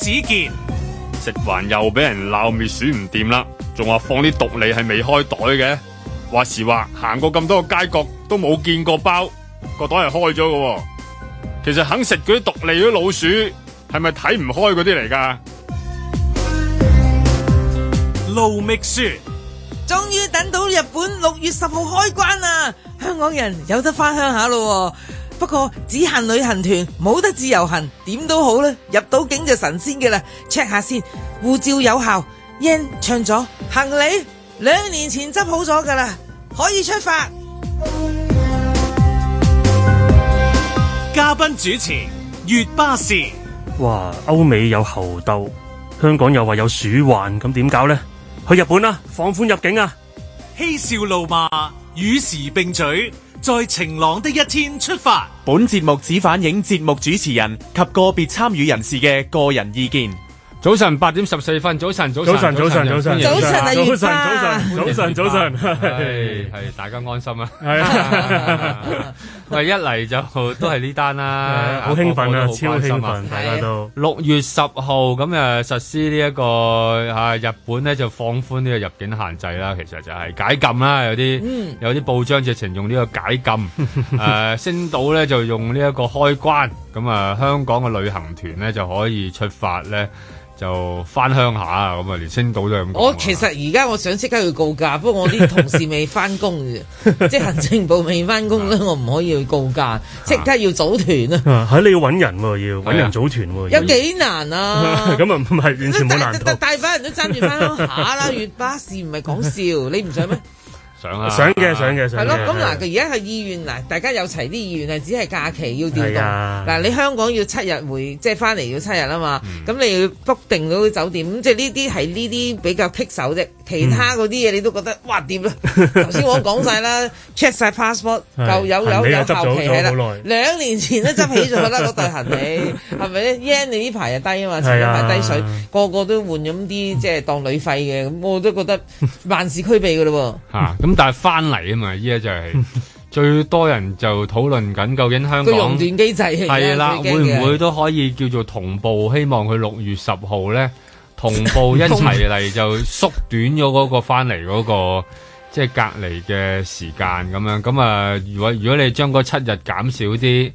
子健食環又俾人鬧滅鼠唔掂啦，仲話放啲毒餌係未開袋嘅，話時話行過咁多個街角都冇見過包個袋係開咗嘅，其實肯食嗰啲毒餌嗰啲老鼠係咪睇唔開嗰啲嚟噶？盧覓雪終於等到日本六月十號開關啦，香港人有得翻鄉下咯。不過只限旅行團，冇得自由行，點都好啦。入到境就神仙嘅啦，check 下先，護照有效，yen 唱咗，行李兩年前執好咗噶啦，可以出發。嘉賓主持月巴氏，哇，歐美有猴痘，香港又話有鼠患，咁點搞呢？去日本啦，放寬入境啊，嬉笑怒罵與時並取。在晴朗的一天出發，本節目只反映節目主持人及個別參與人士嘅個人意見。早晨八點十四分，早晨早晨早晨早晨早晨啊，早晨早晨早晨早晨，係係大家安心啊，係，喂，一嚟就都係呢單啦，好興奮啊，超興奮，大家都六月十號咁誒實施呢一個啊日本咧就放寬呢個入境限制啦，其實就係解禁啦，有啲有啲報章直情用呢個解禁誒星島咧就用呢一個開關。咁啊、嗯，香港嘅旅行團咧就可以出發咧，就翻鄉下啊！咁、嗯、啊，連青島都咁。我其實而家我想即刻去告假， 不過我啲同事未翻工啫， 即係行政部未翻工咧，啊、我唔可以去告假，即刻要組團啊，係、啊、你要揾人喎、啊，要揾人組團喎、啊。啊、要有幾難啊？咁啊， 唔係完全冇難度。大把人都爭住翻鄉下啦，越巴士唔係講笑，你唔想咩？想啊，想嘅，想嘅，係咯。咁嗱，佢而家去醫院嗱，大家有齊啲醫院係只係假期要調動。嗱，你香港要七日回，即係翻嚟要七日啊嘛。咁你要 book 定到啲酒店，咁即係呢啲係呢啲比較棘手啫。其他嗰啲嘢你都覺得哇掂啦。頭先我講晒啦，check 晒 passport 夠有有有假期係啦。兩年前都執起咗啦嗰對行李，係咪咧 Yen？你呢排又低啊嘛，呢排低水，個個都換咗啲即係當旅費嘅。咁我都覺得萬事俱備嘅嘞喎。吓。咁但係翻嚟啊嘛，依家就係、是、 最多人就討論緊，究竟香港熔斷機制係啦，怕會唔會都可以叫做同步？希望佢六月十號咧同步一齊嚟，就縮短咗嗰個翻嚟嗰個 即係隔離嘅時間咁樣。咁啊，如果如果你將嗰七日減少啲，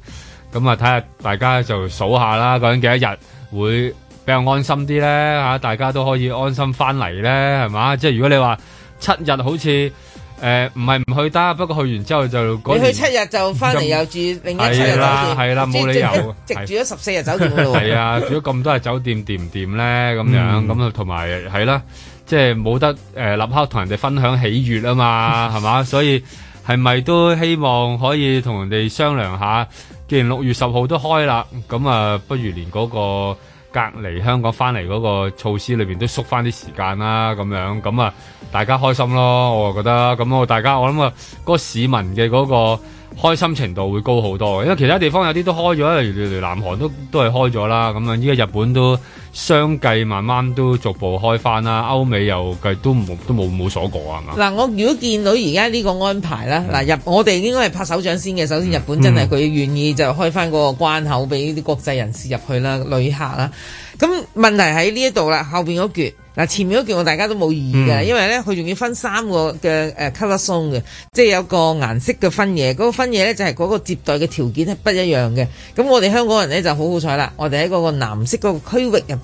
咁啊睇下大家就數下啦，究竟幾多日會比較安心啲咧嚇？大家都可以安心翻嚟咧，係嘛？即係如果你話七日好似～誒，唔係唔去得，不過去完之後就嗰，你去七日就翻嚟，又住另一七日啦，係啦，冇理由，直住咗十四日酒店嘅路，係啊，住咗咁多日酒店掂唔掂咧？咁樣咁啊，同埋係啦，即係冇得誒，立刻同人哋分享喜悅啊嘛，係嘛，所以係咪都希望可以同人哋商量下？既然六月十號都開啦，咁啊，不如連嗰個。隔離香港翻嚟嗰個措施裏邊都縮翻啲時間啦，咁樣咁啊，大家開心咯，我覺得咁我大家我諗啊，嗰個市民嘅嗰個開心程度會高好多，因為其他地方有啲都開咗，例如南韓都都係開咗啦，咁樣依家日本都。相繼慢慢都逐步開翻啦，歐美又計都冇都冇冇鎖過啊嗱，我如果見到而家呢個安排咧，嗱是入我哋應該係拍手掌先嘅。首先日本真係佢願意就開翻嗰個關口俾啲國際人士入去啦，旅客啦。咁、啊、問題喺呢一度啦，後邊嗰橛，嗱前面嗰橛我大家都冇異議嘅，嗯、因為呢，佢仲要分三個嘅誒 color zone 嘅，即係有個顏色嘅分野。嗰、嗰個分野呢，就係嗰個接待嘅條件係不一樣嘅。咁我哋香港人呢，就好好彩啦，我哋喺嗰個藍色嗰個區域入。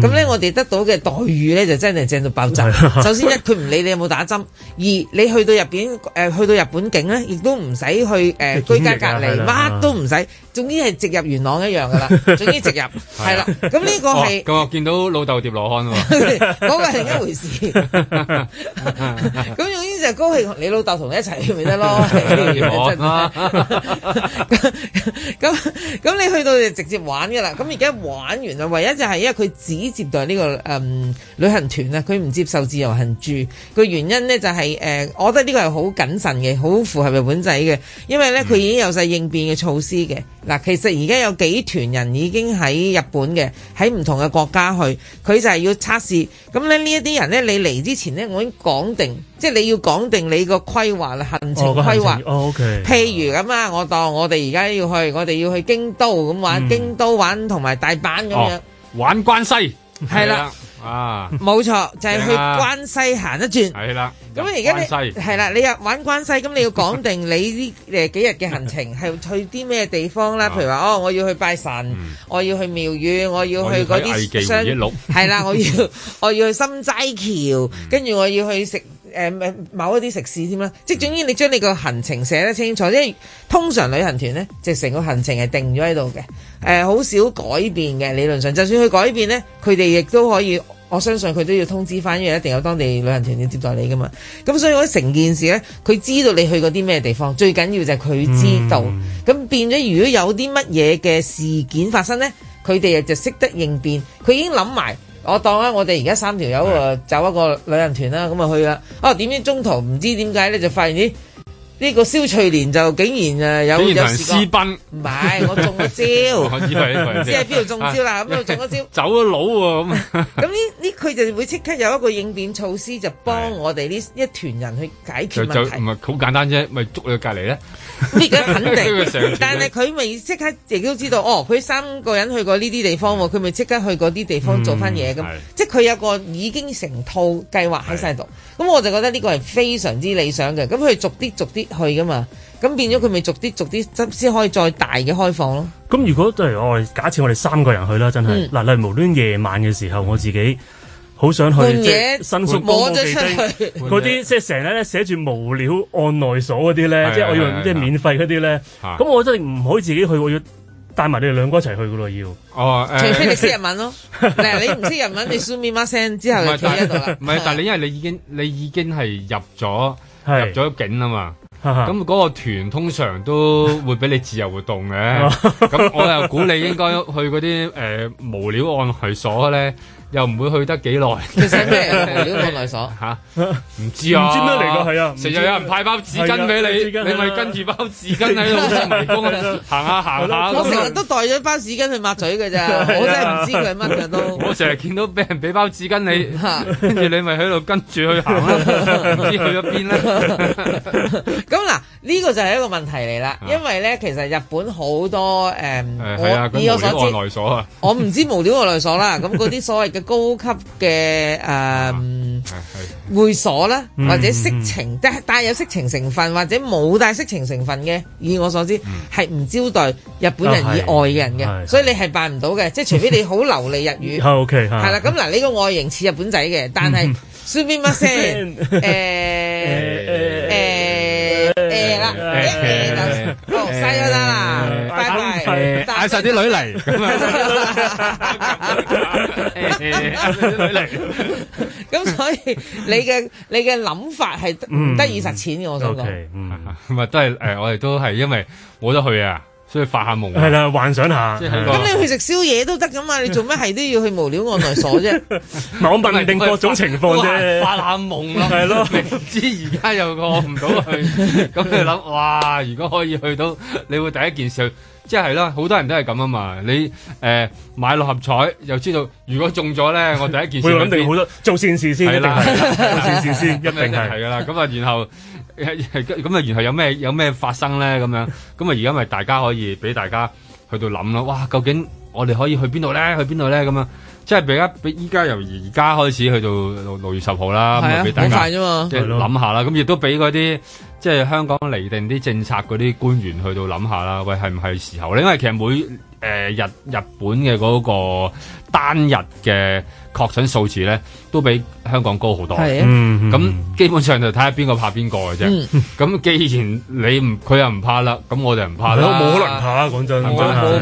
咁咧，嗯、我哋得到嘅待遇咧就真係正到爆炸。的首先一，佢唔理你有冇打針；二， 你去到入邊，誒、呃，去到日本境咧，亦都唔使去誒、呃、的居家隔離，乜的都唔使。總之係直入元朗一樣噶啦， 總之直入係啦。咁呢 個係咁、哦、見到老豆疊羅漢嘛，嗰個係另一回事。咁總之就高興你老豆同你一齊咪得咯。咁咁咁你去到就直接玩噶啦。咁而家玩完啦，唯一就係因為佢只接待呢、這個誒、嗯、旅行團啊，佢唔接受自由行住個原因咧就係、是、誒、呃，我覺得呢個係好謹慎嘅，好符合日本仔嘅，因為咧佢已經有晒應變嘅措施嘅。嗯嗱，其實而家有幾團人已經喺日本嘅，喺唔同嘅國家去，佢就係要測試。咁咧呢一啲人咧，你嚟之前咧，我已經講定，即係你要講定你個規劃，行程規劃。O K、哦。那個哦 okay、譬如咁啊，我當我哋而家要去，我哋要去京都咁玩，嗯、京都玩同埋大阪咁樣、哦、玩關西，係啦的。啊，冇錯，就係、是、去關西行一轉，係啦。咁而家你係啦，你又玩關西，咁你要講定你呢誒幾日嘅行程係去啲咩地方啦？ 譬如話哦，我要去拜神，嗯、我要去廟宇，我要去嗰啲商，係啦、嗯，我要我要去心齋橋，跟住我要去食。誒、呃、某一啲食肆添啦，即係總之你將你個行程寫得清楚，因為通常旅行團呢，就成個行程係定咗喺度嘅，誒、呃、好少改變嘅，理論上，就算佢改變呢，佢哋亦都可以，我相信佢都要通知翻，因為一定有當地旅行團要接待你噶嘛。咁所以我成件事呢，佢知道你去過啲咩地方，最緊要就係佢知道，咁、嗯、變咗如果有啲乜嘢嘅事件發生呢，佢哋就識得應變，佢已經諗埋。我當我哋而家三條友啊，就一個旅行團啦，咁啊去啦。哦，點知中途唔知點解咧，就發現呢個蕭翠蓮就竟然誒有有試過私奔，唔係我中咗招，我以為呢個人知喺邊度中招啦，咁啊中咗招走咗佬喎，咁呢呢佢就會即刻有一個應變措施，就幫我哋呢一團人去解決問題，唔係好簡單啫，咪捉佢隔離咧，咁而家肯定，但係佢未即刻亦都知道，哦，佢三個人去過呢啲地方喎，佢咪即刻去嗰啲地方做翻嘢咁，即係佢有個已經成套計劃喺晒度，咁我就覺得呢個係非常之理想嘅，咁佢逐啲逐啲，去噶嘛？咁變咗佢咪逐啲逐啲先先可以再大嘅開放咯。咁如果都如我假設我哋三個人去啦，真係嗱，你無端夜晚嘅時候，我自己好想去新宿摸咗出去嗰啲，即係成日咧寫住無聊按內鎖嗰啲咧，即係我用即係免費嗰啲咧。咁我真係唔可以自己去，我要帶埋你哋兩哥一齊去噶咯，要哦。除非你識日文咯，嗱你唔識日文，你輸 e m a 之後就一樣啦。唔係，但你因為你已經你已經係入咗入咗境啊嘛。咁嗰 個團通常都會俾你自由活動嘅，咁 我又估你應該去嗰啲誒無料按題所咧。 又唔會去得幾耐？其實咩無料案內所嚇？唔知啊，唔知乜嚟㗎係啊！成日有人派包紙巾俾你，你咪跟住包紙巾喺度行下行下。我成日都袋咗包紙巾去抹嘴㗎咋，我真係唔知佢係乜嘅都。我成日見到俾人俾包紙巾你，跟住你咪喺度跟住去行啦，唔知去咗邊啦。咁嗱，呢個就係一個問題嚟啦，因為咧，其實日本好多誒，我以我所知，無料案內所啊，我唔知無料案內所啦，咁嗰啲所謂嘅。高級嘅誒、呃、 會所啦，或者色情，即係帶有色情成分或者冇帶色情成分嘅，以我所知係唔招待日本人以外嘅人嘅，啊、所以你係辦唔到嘅，即係除非你好流利日語、 啊、，OK 係啦、啊，咁嗱、嗯，呢個外形似日本仔嘅，但係， すみません，誒誒。 誒、欸欸欸欸欸欸欸，啦，好，晒咗啦，拜拜，帶晒啲女嚟，咁、欸嗯嗯 okay, 嗯、啊，帶晒啲女嚟，咁所以你嘅你嘅諗法係唔得實踐嘅，我想講，嗯，咪都係誒，我哋都係因為冇得去啊。所以發下夢係啦，幻想下。咁的你去食宵夜都得㗎嘛？你做咩係都要去無料 案內所啫？唔係我問定各種情況啫。發，發下夢咯，係咯 的。 明知而家又過唔到去，咁你諗哇？如果可以去到，你會第一件事去。即係啦，好多人都係咁啊嘛。你誒買六合彩又知道，如果中咗咧，我第一件事會諗定好多做善事先，一定係，做善事先，一定係㗎啦。咁啊，然後咁啊，然後有咩有咩發生咧？咁樣咁啊，而家咪大家可以俾大家去到諗咯。哇，究竟我哋可以去邊度咧？去邊度咧？咁樣。即係俾而家，俾依家由而家開始去到六月十號啦，咁啊俾大家即係諗下啦。咁亦都俾嗰啲即係香港釐定啲政策嗰啲官員去到諗下啦。喂，係唔係時候咧？因為其實每誒日、呃、日本嘅嗰個單日嘅。確診數字咧都比香港高好多，係啊，咁基本上就睇下邊個怕邊個嘅啫。咁既然你唔佢又唔怕啦，咁我哋唔怕都冇可能怕，講真，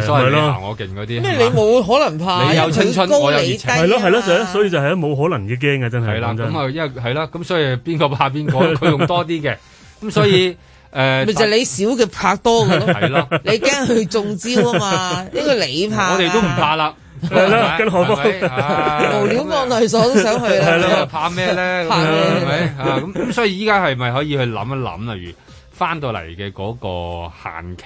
所以你我勁嗰啲咩？你冇可能怕，你有青春，我有熱情，係咯係咯，所以就係冇可能嘅驚嘅真係。咁啊，因為係啦，咁所以邊個怕邊個？佢用多啲嘅，咁所以誒，咪就係你少嘅怕多嘅咯，你驚佢中招啊嘛？呢個你怕，我哋都唔怕啦。係啦，係咪無聊？我內所都想去啦。係怕咩咧？怕咩？咁，所以依家係咪可以去諗一諗，例如翻到嚟嘅嗰個限期，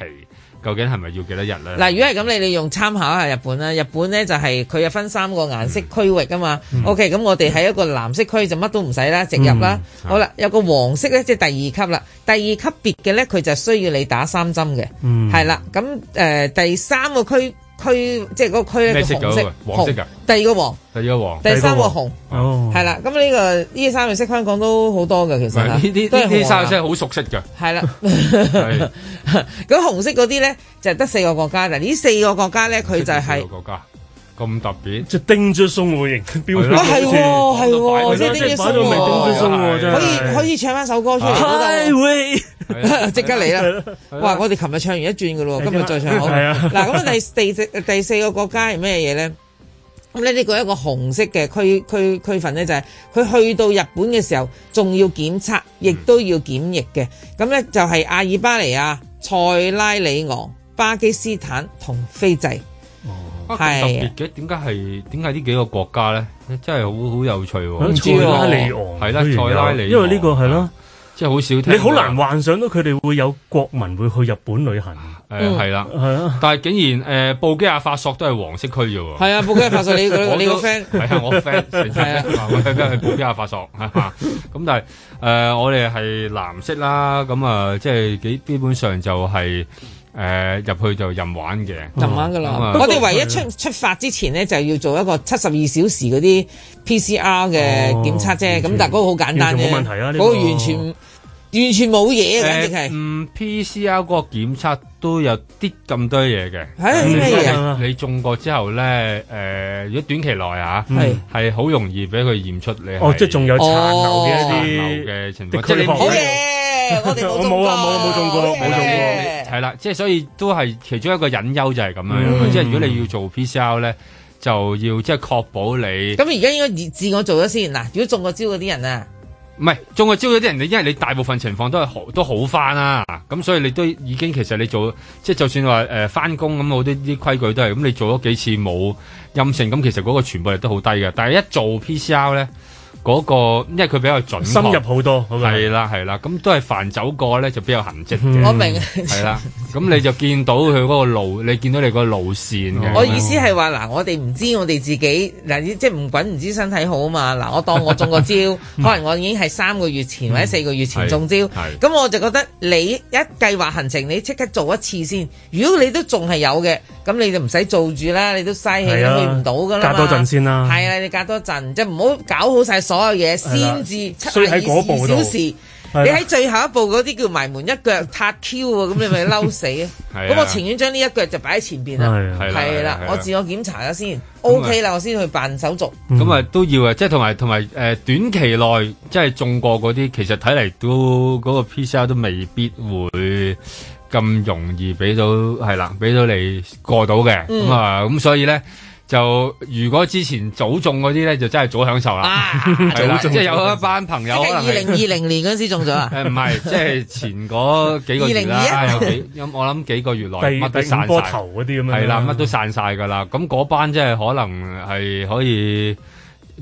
究竟係咪要幾多日咧？嗱，如果係咁，你哋用參考下日本啦。日本咧就係佢有分三個顏色區域噶嘛。OK，咁我哋喺一個藍色區就乜都唔使啦，直入啦。好啦，有個黃色咧，即係第二級啦。第二級別嘅咧，佢就需要你打三針嘅。嗯，係啦。咁誒，第三個區。區即係嗰個區咧，紅色、黃色噶，第二個黃，第二個黃，第三個紅，係啦。咁呢個呢三樣色，香港都好多嘅其實。呢啲都係呢啲三樣色好熟悉嘅。係啦。咁紅色嗰啲咧就係得四個國家。嗱，呢四個國家咧，佢就係。四個國家。咁特別。即係叮噹送我型標誌。係喎，係喎，即係叮噹送我型。可以可以唱翻首歌出嚟。即刻嚟啦！哇，我哋琴日唱完一轉嘅咯，今日再唱好。嗱，咁第第第四個國家係咩嘢咧？咁咧呢個一個紅色嘅區區區份咧，就係佢去到日本嘅時候，仲要檢測，亦都要檢疫嘅。咁咧就係阿爾巴尼亞、塞拉里昂、巴基斯坦同斐濟。哦，特別嘅，點解係？點解呢幾個國家咧？真係好好有趣。塞拉里昂係啦，塞拉里，因為呢個係咯。即係好少聽，你好難幻想到佢哋會有國民會去日本旅行。誒、嗯，係啦、嗯，係啊，但係竟然誒、呃，布基亞法索都係黃色區啫喎。係啊， 布基亞法索，你你個 friend 係啊，我 friend 係啊，我 friend 布基亞法索咁但係誒，我哋係藍色啦，咁啊，即係幾基本上就係、是。誒，入去就任玩嘅，任玩噶啦。我哋唯一出出發之前咧，就要做一個七十二小時嗰啲 PCR 嘅檢測啫。咁但係嗰個好簡單嘅，冇問題啊，嗰個完全完全冇嘢，簡直係。嗯，PCR 嗰個檢測都有啲咁多嘢嘅。係咩嘢？你中過之後咧，誒，如果短期內啊，係係好容易俾佢驗出你。哦，即係仲有殘留嘅殘留嘅情況。好嘅。我冇啊，冇冇中過，冇中過，係啦 Okay.，即係 所以都係其中一個隱憂就係咁樣，即係、mm. 如果你要做 PCR 咧，就要即係確保你。咁而家應該自我做咗先嗱，如果中過招嗰啲人啊，唔係中過招嗰啲人，因為你大部分情況都係好，都好翻啦、啊。咁所以你都已經其實你做即係就算話誒翻工咁，好多啲規矩都係咁，你做咗幾次冇任性，咁其實嗰個全部亦都好低噶。但係一做 PCR 咧。嗰個，因為佢比較準，深入好多，係啦係啦，咁都係凡走過咧就比較痕跡嘅，我明、嗯，係啦，咁 你就見到佢嗰個路，你見到你個路線嘅。我意思係話嗱，我哋唔知我哋自己嗱，即係唔滾唔知身體好啊嘛。嗱，我當我中個招， 可能我已經係三個月前或者四個月前中招，咁 我就覺得你一計劃行程，你即刻做一次先。如果你都仲係有嘅，咁你就唔使做住啦，你都嘥氣去唔到噶啦。隔多陣先啦，係啊，你隔多陣，即係唔好搞好晒。所有嘢先至七十二小時，你喺最後一步嗰啲叫埋門一腳撻 Q 喎，咁你咪嬲死啊！咁我情願將呢一腳就擺喺前邊啊，係啦，我自我檢查下先，OK 啦，我先去辦手續。咁啊都要啊，即係同埋同埋誒短期內即係中過嗰啲，其實睇嚟都嗰個 PCR 都未必會咁容易俾到，係啦，俾到你過到嘅咁啊，咁所以咧。就如果之前早中嗰啲咧，就真係早享受啦。即係有一班朋友，可能，二零二零年嗰時中咗。誒唔係，即係前嗰幾個月啦 2021? 啊。有幾，我諗幾個月內乜第都散晒，第五波頭嗰啲咁樣。係啦，乜都散晒㗎啦。咁嗰 班真係可能係可以。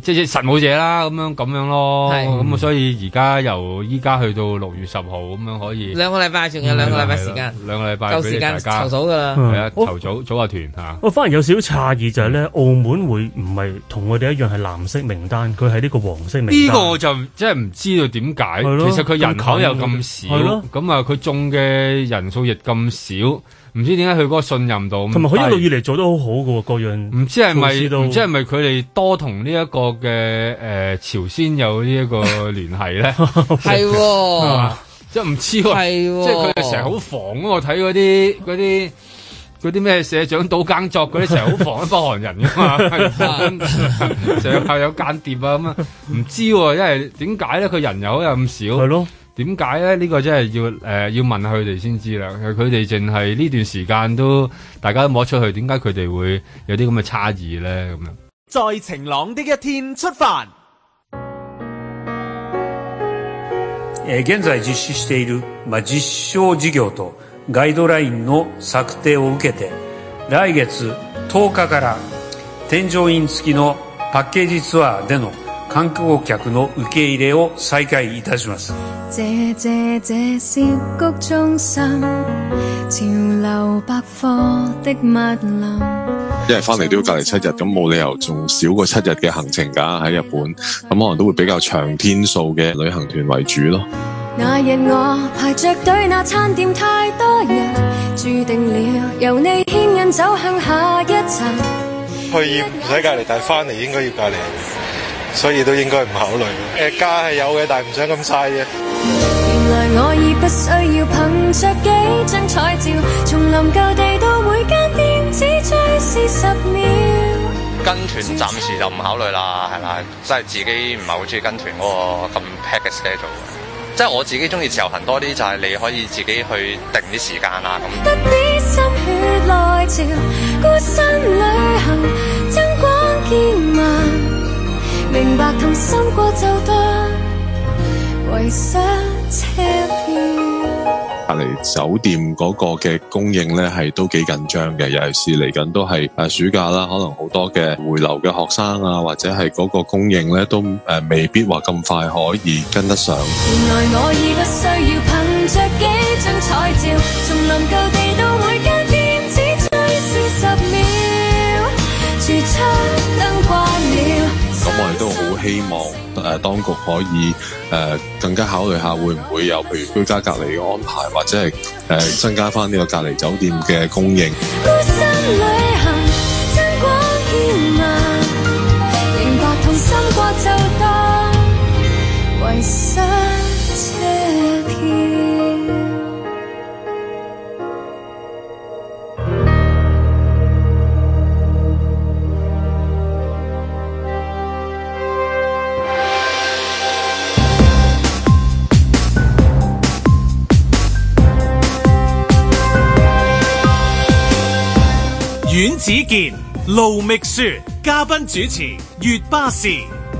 即係實冇嘢啦，咁樣咁樣咯，咁是所以而家由依家去到六月十號咁樣可以兩個禮拜，仲有兩個禮拜時間，兩、嗯、個禮拜夠時間籌組噶啦，係啊、嗯，籌組組下團吓。我、嗯哦、反而有少少詫異就係、是、咧，澳門會唔係同我哋一樣係藍色名單，佢係呢個黃色名單。呢個我就即係唔知道點解，吧其實佢人口又咁少，咁啊佢中嘅人數亦咁少。唔知點解佢嗰個信任度，同埋佢一路以嚟做得好好噶、哎、個樣，唔、呃 e、知係咪唔知係咪佢哋多同呢一個嘅誒朝鮮有呢一個聯繫咧？係係對噢 即係唔知喎，即係佢哋成日好防啊！我睇嗰啲嗰啲嗰啲咩社長倒耕作嗰啲，成日好防北韓人噶嘛，成日怕有間諜啊咁啊，唔 知喎，因為點解咧？佢人又好咁少，係咯。點解咧？呢個真係要誒要問下佢哋先知啦。佢哋淨係呢段時間都大家都冇出去，點解佢哋會有啲咁嘅差異咧？咁樣在晴朗的一天出發。現在実施している実証事業とガイドラインの策定を受けて、來月10日から添乗員付きのパッケージツアーでの。韓國遊客的受け入れを再開いた，一係翻嚟都要隔離七日，咁冇理由仲少過七日嘅行程㗎。喺日本，咁可能都會比較長天數嘅旅行團為主咯。去要唔使隔離，但係翻嚟應該要隔離。所以都應該唔考慮嘅，誒加係有嘅，但係唔想咁嘥嘅。原來我已不需要捧着幾張彩照，從臨舊地到每間店只追四十秒。跟團暫時就唔考慮啦，係啦。即係自己唔係好中意跟團嗰個咁 pack 嘅 schedule。即係我自己中意自由行多啲，就係你可以自己去定啲時間啦咁。不必心血來潮，孤身旅行，燈光結盟。隔離酒店嗰個嘅供應呢，係都幾緊張嘅，尤其是嚟緊都係誒暑假啦，可能好多嘅回流嘅學生啊，或者係嗰個供應呢都誒未必話咁快可以跟得上。希望誒、呃、當局可以誒、呃、更加考慮下，會唔會有譬如居家隔離嘅安排，或者係誒、呃、增加翻呢個隔離酒店嘅供應。阮子健、盧覓雪，嘉賓主持，粵巴士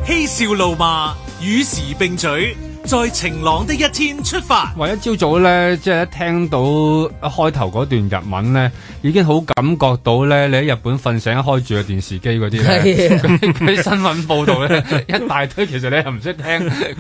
嬉笑怒罵，與時並舉。在晴朗的一天出發。喂，一朝早咧，即係一聽到一開頭嗰段日文咧，已經好感覺到咧，你喺日本瞓醒，開住個電視機嗰啲咧，啲新聞報道咧，一大堆。其實你又唔識聽，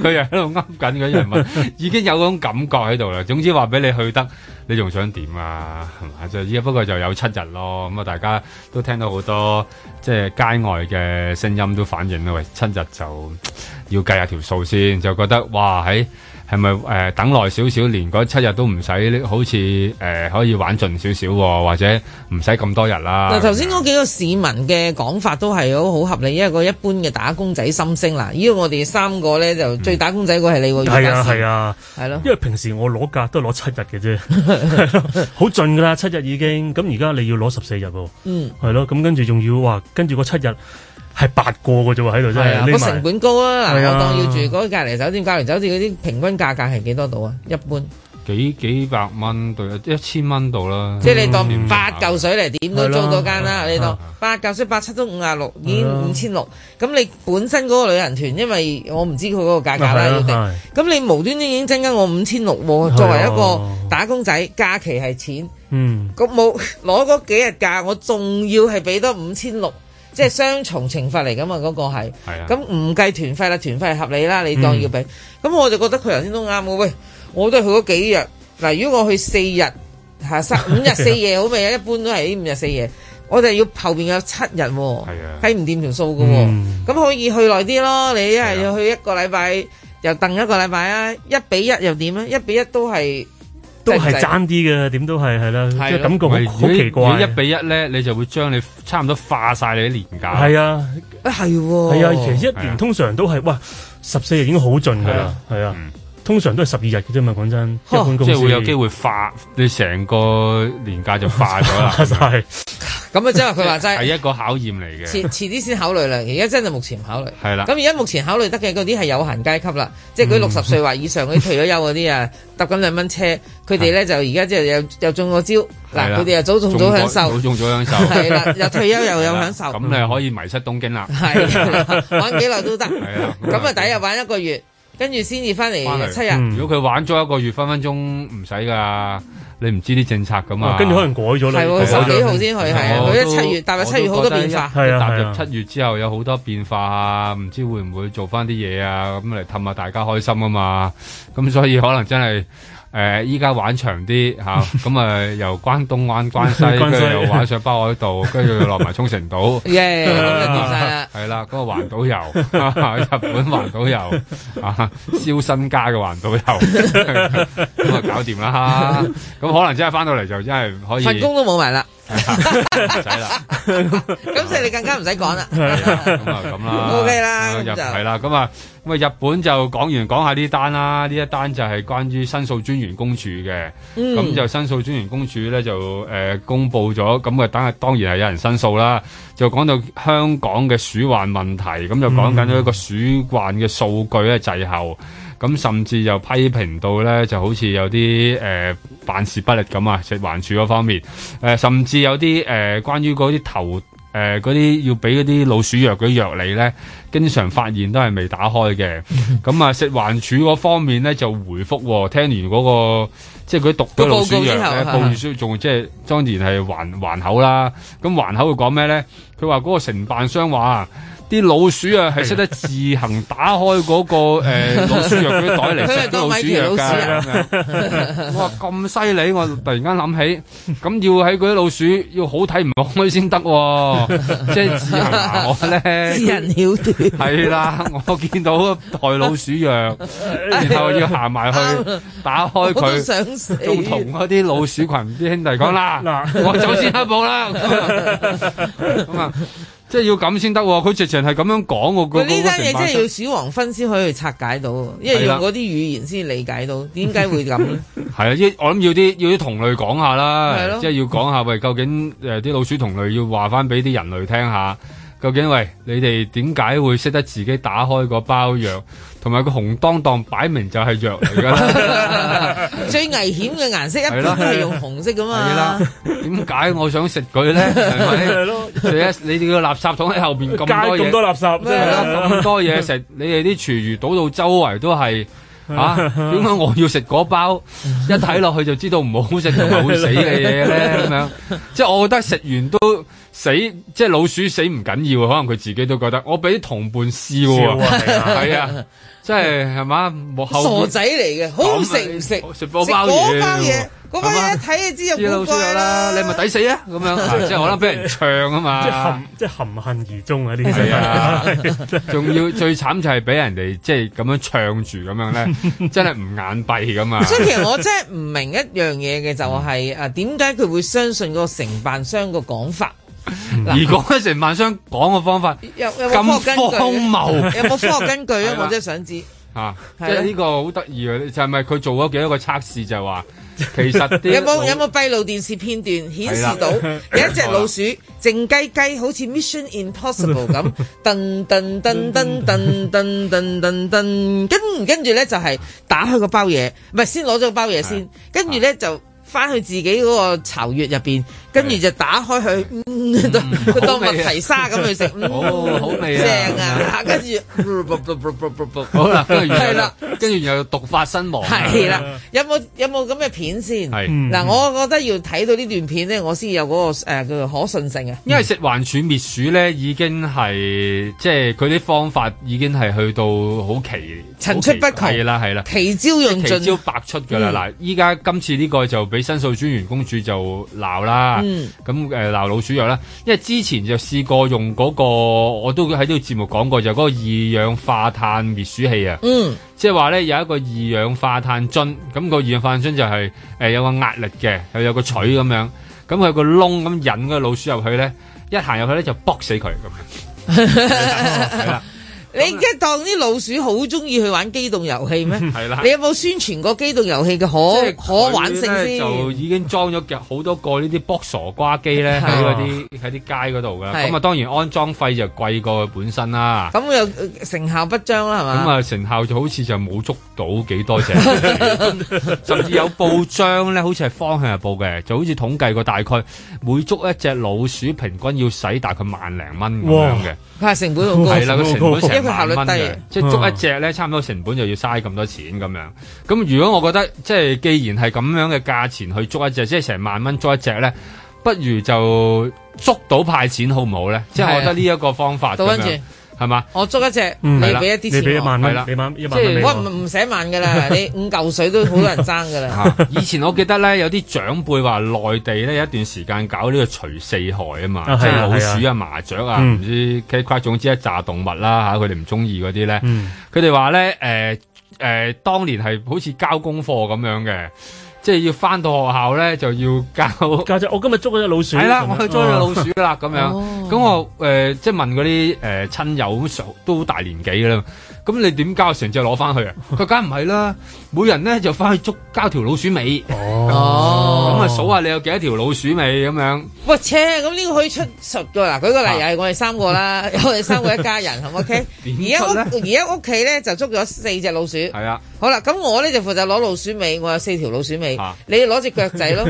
佢又喺度噏緊嗰啲日文，已經有嗰種感覺喺度啦。總之話俾你去得，你仲想點啊？係嘛？即係依家不過就有七日咯。咁啊，大家都聽到好多即係街外嘅聲音都反映啦。喂，七日就～要計下條數先，就覺得哇喺係咪誒等耐少少，連嗰七日都唔使，好似誒、呃、可以玩盡少少，或者唔使咁多日啦。嗱、呃，頭先嗰幾個市民嘅講法都係好合理，因為個一般嘅打工仔心聲嗱。依個我哋三個咧就最打工仔個係你喎。係啊係啊，係咯、啊。啊、因為平時我攞假都係攞七日嘅啫，好 盡㗎啦，七日已經。咁而家你要攞十四日喎。嗯。係咯、啊，咁跟住仲要話跟住個七日。係八個嘅啫喎，喺度真係。個成本高啊！嗱，我當要住嗰隔籬酒店，隔籬酒店嗰啲平均價格係幾多度啊？一般幾幾百蚊到一千蚊度啦。即係你當八嚿水嚟點都租到間啦？你當八嚿水八七都五呀六，已經五千六。咁你本身嗰個旅行團，因為我唔知佢嗰個價格啦，要定。咁你無端端已經增加我五千六，作為一個打工仔，假期係錢。嗯。咁冇攞嗰幾日假，我仲要係俾多五千六。即係雙重懲罰嚟㗎嘛，嗰、那個係。咁唔計團費啦，團費係合理啦，你當要俾。咁、嗯、我就覺得佢頭先都啱喎。喂，我都係去嗰幾日。嗱，如果我去四日嚇三五日四夜 好未啊？一般都係五日四夜，我就要後邊有七日喎。啊，計唔掂條數㗎喎、啊。咁、嗯、可以去耐啲咯。你一係要去一個禮拜是、啊、又燉一個禮拜啊？一比一又點咧？一比一都係。都係爭啲嘅，點都係係啦，即係感覺係好奇怪。你一比一咧，你就會將你差唔多化晒你啲年假。係啊，啊係喎。係啊，其實一年通常都係，哇！十四日已經好盡㗎啦，係啊。通常都係十二日嘅啫嘛，講真，即係會有機會化，你成個年假就化咗啦，係。咁啊，即係佢話齋係一個考驗嚟嘅。遲遲啲先考慮啦，而家真係目前唔考慮。係啦，咁而家目前考慮得嘅嗰啲係有閒階級啦，即係佢六十歲或以上嗰啲退咗休嗰啲啊，搭緊兩蚊車，佢哋咧就而家即係又又中咗招，嗱，佢哋又早中早享受，早中早享受，係啦，又退休又有享受，咁你可以迷失東京啦，係玩幾耐都得，係啊，咁啊，第一日玩一個月。跟住先至翻嚟七日。嗯、如果佢玩咗一個月，分分鐘唔使噶。你唔知啲政策噶啊，跟住可能改咗啦。係喎，十幾號先去，係啊，去咗七月，大約七月好多變化。啊啊、踏入七月之後有好多變化啊！唔、啊、知會唔會做翻啲嘢啊？咁嚟氹下大家開心啊嘛！咁所以可能真係。誒，依家、呃、玩長啲吓，咁啊由關東玩關西，跟住 又玩上北海道，跟住落埋沖繩島，耶、 yeah, 啊，搞掂晒啦，係、那、啦、個，嗰個環島遊，日本環島遊，啊，燒身家嘅環島遊，咁啊 搞掂啦，咁可能真係翻到嚟就真係可以 göra，份工都冇埋啦。唔使啦，咁所 了 你更加唔使講啦。咁啊咁啦，OK 啦，係啦，咁啊，咁啊日本就講完說說，講下呢單啦。呢一單就係關於申訴專員公署嘅，咁、嗯、就申訴專員公署咧就誒公布咗，咁啊等下當然係有人申訴啦。就講到香港嘅鼠患問題，咁就講緊咗一個鼠患嘅數據咧滯後。咁甚至又批評到咧，就好似有啲誒、呃、辦事不力咁啊！食環署嗰方面，誒、呃、甚至有啲誒、呃、關於嗰啲頭誒嗰啲要俾嗰啲老鼠藥嗰啲藥嚟咧，經常發現都係未打開嘅。咁啊，食環署嗰方面咧就回覆，聽完嗰、那個即係佢讀咗老鼠藥咧，報完書仲即係當然係還還口啦。咁還口會講咩咧？佢話嗰個承辦商話。啲老鼠啊，係識得自行打開嗰個老鼠藥嗰啲袋嚟食老鼠藥㗎。哇，咁犀利，我突然間諗起，咁要喺嗰啲老鼠要好睇唔開先得，即係自行行我咧。私人小係啦，我見到袋老鼠藥，然後要行埋去打開佢，仲同嗰啲老鼠群啲兄弟講啦，我走先一步啦。咁啊！即係要咁先得，佢直情係咁樣講喎。我覺得呢單嘢即係要小黃 f 先可以去拆解到，因為用嗰啲語言先理解到點解會咁。係啊， 我諗要啲要啲同類講下啦，即係 的要講下喂，究竟誒啲、呃、老鼠同類要話翻俾啲人類聽下，究竟喂你哋點解會識得自己打開個包藥？同埋個紅當當擺明就係藥嚟噶啦，最危險嘅顏色，一般都係用紅色㗎嘛！點解我想食佢咧？係咯，係咪你哋個垃圾桶喺後邊咁多嘢，咁多垃圾，真咁多嘢食，你哋啲廚餘倒到周圍都係。吓？點解、啊、我要食嗰包？一睇落去就知道唔好食同會死嘅嘢咧。咁 樣，即係我覺得食完都死，即係老鼠死唔緊要。可能佢自己都覺得我俾同伴試喎。係 啊，即係係嘛？傻仔嚟嘅，樣好食唔食？食嗰包嘢。嗰班一睇就知有冇啦！你咪抵死啊！咁樣即係可能俾人唱啊嘛！即係含即係含恨而終啊！呢啲仲要最慘就係俾人哋即係咁樣唱住咁樣咧，真係唔眼閉咁啊！所以其實我真係唔明一樣嘢嘅，就係誒點解佢會相信個承辦商個講法？而嗰個承辦商講嘅方法有有冇科學根據？有冇科學根據咧？我真係想知吓，即係呢個好得意嘅，就係咪佢做咗幾多個測試，就係話？其實有冇，有冇閉路電視片段顯示到有一隻老鼠靜雞雞，好似 Mission Impossible 咁，噔噔噔噔噔噔噔噔，跟跟住咧就係打開個包嘢，唔係先攞咗個包嘢先，跟住咧就翻去自己嗰個巢穴入邊。跟住就打開佢，佢當麥提沙咁去食，好味正啊！跟住，好啦，係啦，跟住又毒發身亡，係啦。有冇有冇咁嘅片先？嗱，我覺得要睇到呢段片咧，我先有嗰個誒叫做可信性啊。因為食環署滅鼠咧，已經係即係佢啲方法已經係去到好奇，層出不窮啦，係啦，奇招用盡，奇招百出噶啦。嗱，依家今次呢個就俾申訴專員公署就鬧啦。咁誒，鬧、嗯嗯、老鼠藥咧，因為之前就試過用嗰、那個，我都喺呢個節目講過，就嗰、是、個二氧化碳滅鼠器啊。嗯，即係話咧，有一個二氧化碳樽，咁、那個二氧化碳樽就係誒有個壓力嘅，又有個嘴咁樣，咁佢有個窿咁引嗰老鼠入去咧，一行入去咧就卜死佢咁樣。你而家當啲老鼠好中意去玩機動遊戲咩？係啦。你有冇宣傳過機動遊戲嘅可可玩性先？就已經裝咗好多個呢啲卜傻瓜機咧，喺嗰啲喺啲街嗰度噶。咁啊，當然安裝費就貴過佢本身啦。咁又成效不彰啦係嘛？咁啊，成效就好似就冇捉到幾多隻，甚至有報章咧，好似係《方向日報》嘅，就好似統計過大概每捉一隻老鼠平均要使大概萬零蚊咁樣嘅。哇！成本好高。係啦，個成本成。即係效率低，即係捉一隻咧，差唔多成本就要嘥咁多錢咁樣。咁如果我覺得即係既然係咁樣嘅價錢去捉一隻，即係成萬蚊捉一隻咧，不如就捉到派錢好唔好咧？即係、啊、我覺得呢一個方法。係嘛？我捉一隻，你俾一啲錢我係啦，俾一萬，即係我唔唔寫萬㗎喇，你五嚿水都好多人爭㗎喇。以前我記得咧，有啲長輩話內地咧有一段時間搞呢個除四害啊嘛，即係老鼠啊、麻雀啊，唔知 K K 總之一紮動物啦嚇，佢哋唔中意嗰啲咧，佢哋話咧誒誒，當年係好似交功課咁樣嘅。即係要返到學校咧，就要教教仔我今日捉嗰隻老鼠，係啦、啊，我去捉嗰隻老鼠啦，咁樣，咁 我誒、呃、即係問嗰啲誒親友咁，都好大年紀㗎啦。.咁你點交成隻攞翻去啊？佢梗唔係啦，每人咧就翻去捉交條老鼠尾。哦，咁啊數下你有幾多條老鼠尾咁樣。喂，切，咁呢個可以出十個。嗱，舉個例又係我哋三個啦，我哋三個一家人，係咪 OK？而家屋而家屋企咧就捉咗四隻老鼠。係啊。好啦，咁我咧就負責攞老鼠尾，我有四條老鼠尾。吓，你攞隻腳仔咯。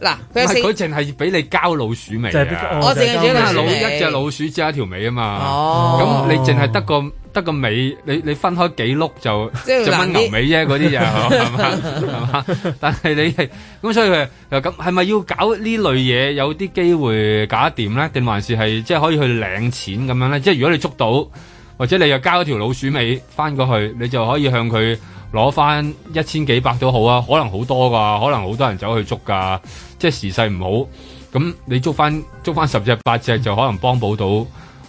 嗱，佢有四。佢淨係俾你交老鼠尾啊！我淨係只係老一隻老鼠揸一條尾啊嘛。哦。咁你淨係得個。得個尾，你你分開幾碌就就掹牛尾啫，嗰啲就係嘛係嘛？但係你係咁，所以佢咁係咪要搞呢類嘢？有啲機會搞掂咧，定還是係即係可以去領錢咁樣咧？即係如果你捉到，或者你又交咗條老鼠尾翻過去，你就可以向佢攞翻一千幾百都好啊，可能好多㗎，可能好多人走去捉㗎。即係時勢唔好，咁你捉翻捉翻十隻八隻就可能幫補到。嗯。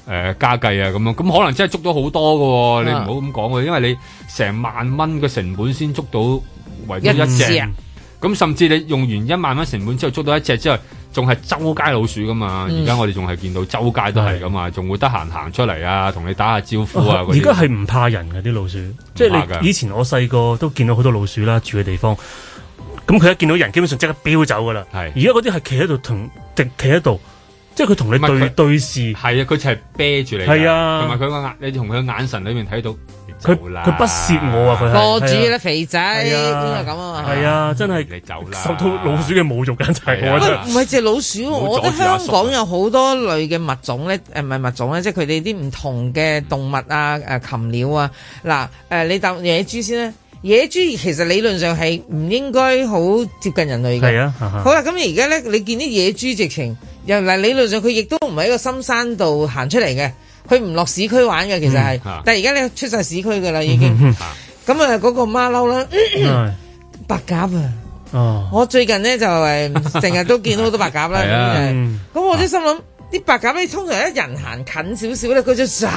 誒、呃，加計啊，咁樣咁可能真係捉到好多嘅。啊，你唔好咁講嘅，因為你成萬蚊嘅成本先捉到唯一一隻，咁、啊、甚至你用完一萬蚊成本之後捉到一隻之後，仲係周街老鼠噶嘛。而家、嗯、我哋仲係見到周街都係咁嘛，仲是會得閒行出嚟啊，同你打下招呼啊。而家係唔怕人嘅啲老鼠，即係你以前我細個都見到好多老鼠啦，住嘅地方。咁佢一見到人，基本上即刻飆走噶啦。而家嗰啲係企喺度，停停企喺度。即係佢同你對對視，係啊，佢就係啤住你，係啊，同埋佢個眼，你同佢嘅眼神裏面睇到，佢佢不屑我啊，佢係。我知啦，肥仔，咁就咁啊嘛。係啊，真係受到老鼠嘅侮辱緊，就係。唔係唔係只老鼠，我覺得香港有好多類嘅物種咧，誒唔係物種咧，即係佢哋啲唔同嘅動物啊，誒禽鳥啊，嗱誒你鬥野豬先咧。野豬其實理論上係唔應該好接近人類嘅。係啊，好啦，咁而家咧，你見啲野豬直情又嗱，理論上佢亦都唔喺個深山度行出嚟嘅，佢唔落市區玩嘅其實係。但係而家咧，出晒市區噶啦已經。咁啊，嗰個馬騮啦，白鴿啊，我最近咧就係成日都見到好多白鴿啦。咁我都心諗啲白鴿咧，通常一人行近少少咧，佢就曬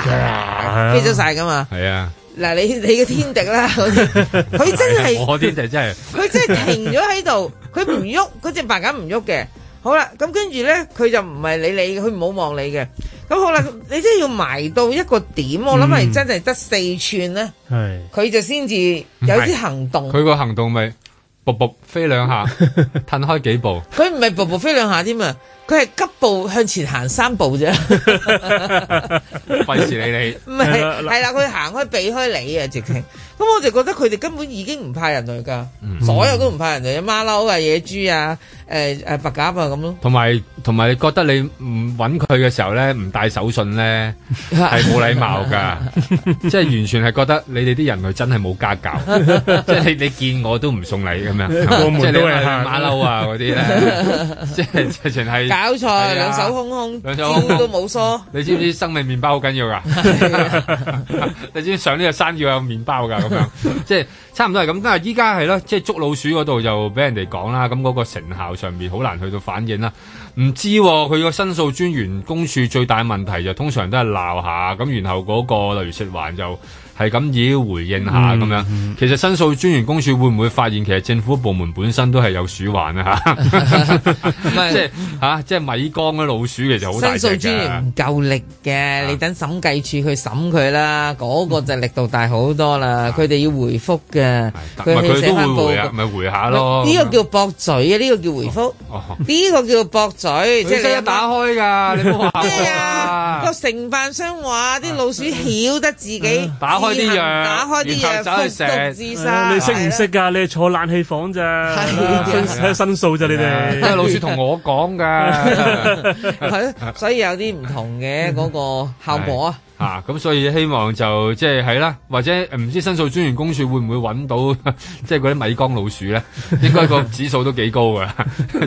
飛咗晒噶嘛。係啊。嗱你你嘅天敵啦，佢真係我天敵真係，佢真係停咗喺度，佢唔喐，嗰隻白鴿唔喐嘅。好啦，咁跟住咧，佢就唔係理你，佢唔好望你嘅。咁好啦， 你真係要埋到一個點，嗯、我諗係真係得四寸咧，佢是就先至有啲行動。佢個行動咪噗噗飛兩下，褪 開幾步。佢唔係噗噗飛兩下添啊！佢係急步向前行三步啫，費事理你，唔係係啦，佢行 開避開你啊，直情。咁我就覺得佢哋根本已經唔怕人類㗎，所有都唔怕人類，馬騮啊、野豬啊、誒誒白鴿啊咁咯。同埋同埋，覺得你唔揾佢嘅時候咧，唔帶手信咧係冇禮貌㗎，即係完全係覺得你哋啲人類真係冇家教，即係你你見我都唔送禮咁樣，即係馬騮啊嗰啲咧，即係直情係搞錯，兩手空空，刀都冇梳。你知唔知生命麵包好緊要㗎？你知唔知上呢個山要有麵包㗎？即係 差唔多係咁，但係依家係咯，即係捉老鼠嗰度就俾人哋講啦。咁嗰個成效上面好難去到反應啦。唔知佢個、哦、申訴專員公署最大問題就係、通常都係鬧下，咁然後嗰、嗰個例如食環就。係咁要回應下咁樣，其實申訴專員公署會唔會發現其實政府部門本身都係有鼠患啊？嚇，即係嚇，即係米缸嘅老鼠其實好大隻㗎。申訴專員唔夠力嘅，你等審計處去審佢啦，嗰個就力度大好多啦。佢哋要回覆嘅，佢都會回啊，咪回下咯。呢個叫駁嘴啊，呢個叫回覆，呢個叫駁嘴。佢想打開㗎，你冇話打啊？個承辦商話啲老鼠曉得自己打開。啲嘢，打開啲藥然後走去食，哎。你識唔識㗎？你坐冷氣房咋？係去申訴咋？是你哋咩老師同我講㗎？係的 所以有啲唔同嘅嗰 個效果啊。啊，咁所以希望就即係係啦，或者唔知申訴專員公署會唔會揾到即係嗰啲米缸老鼠咧？應該個指數都幾高噶，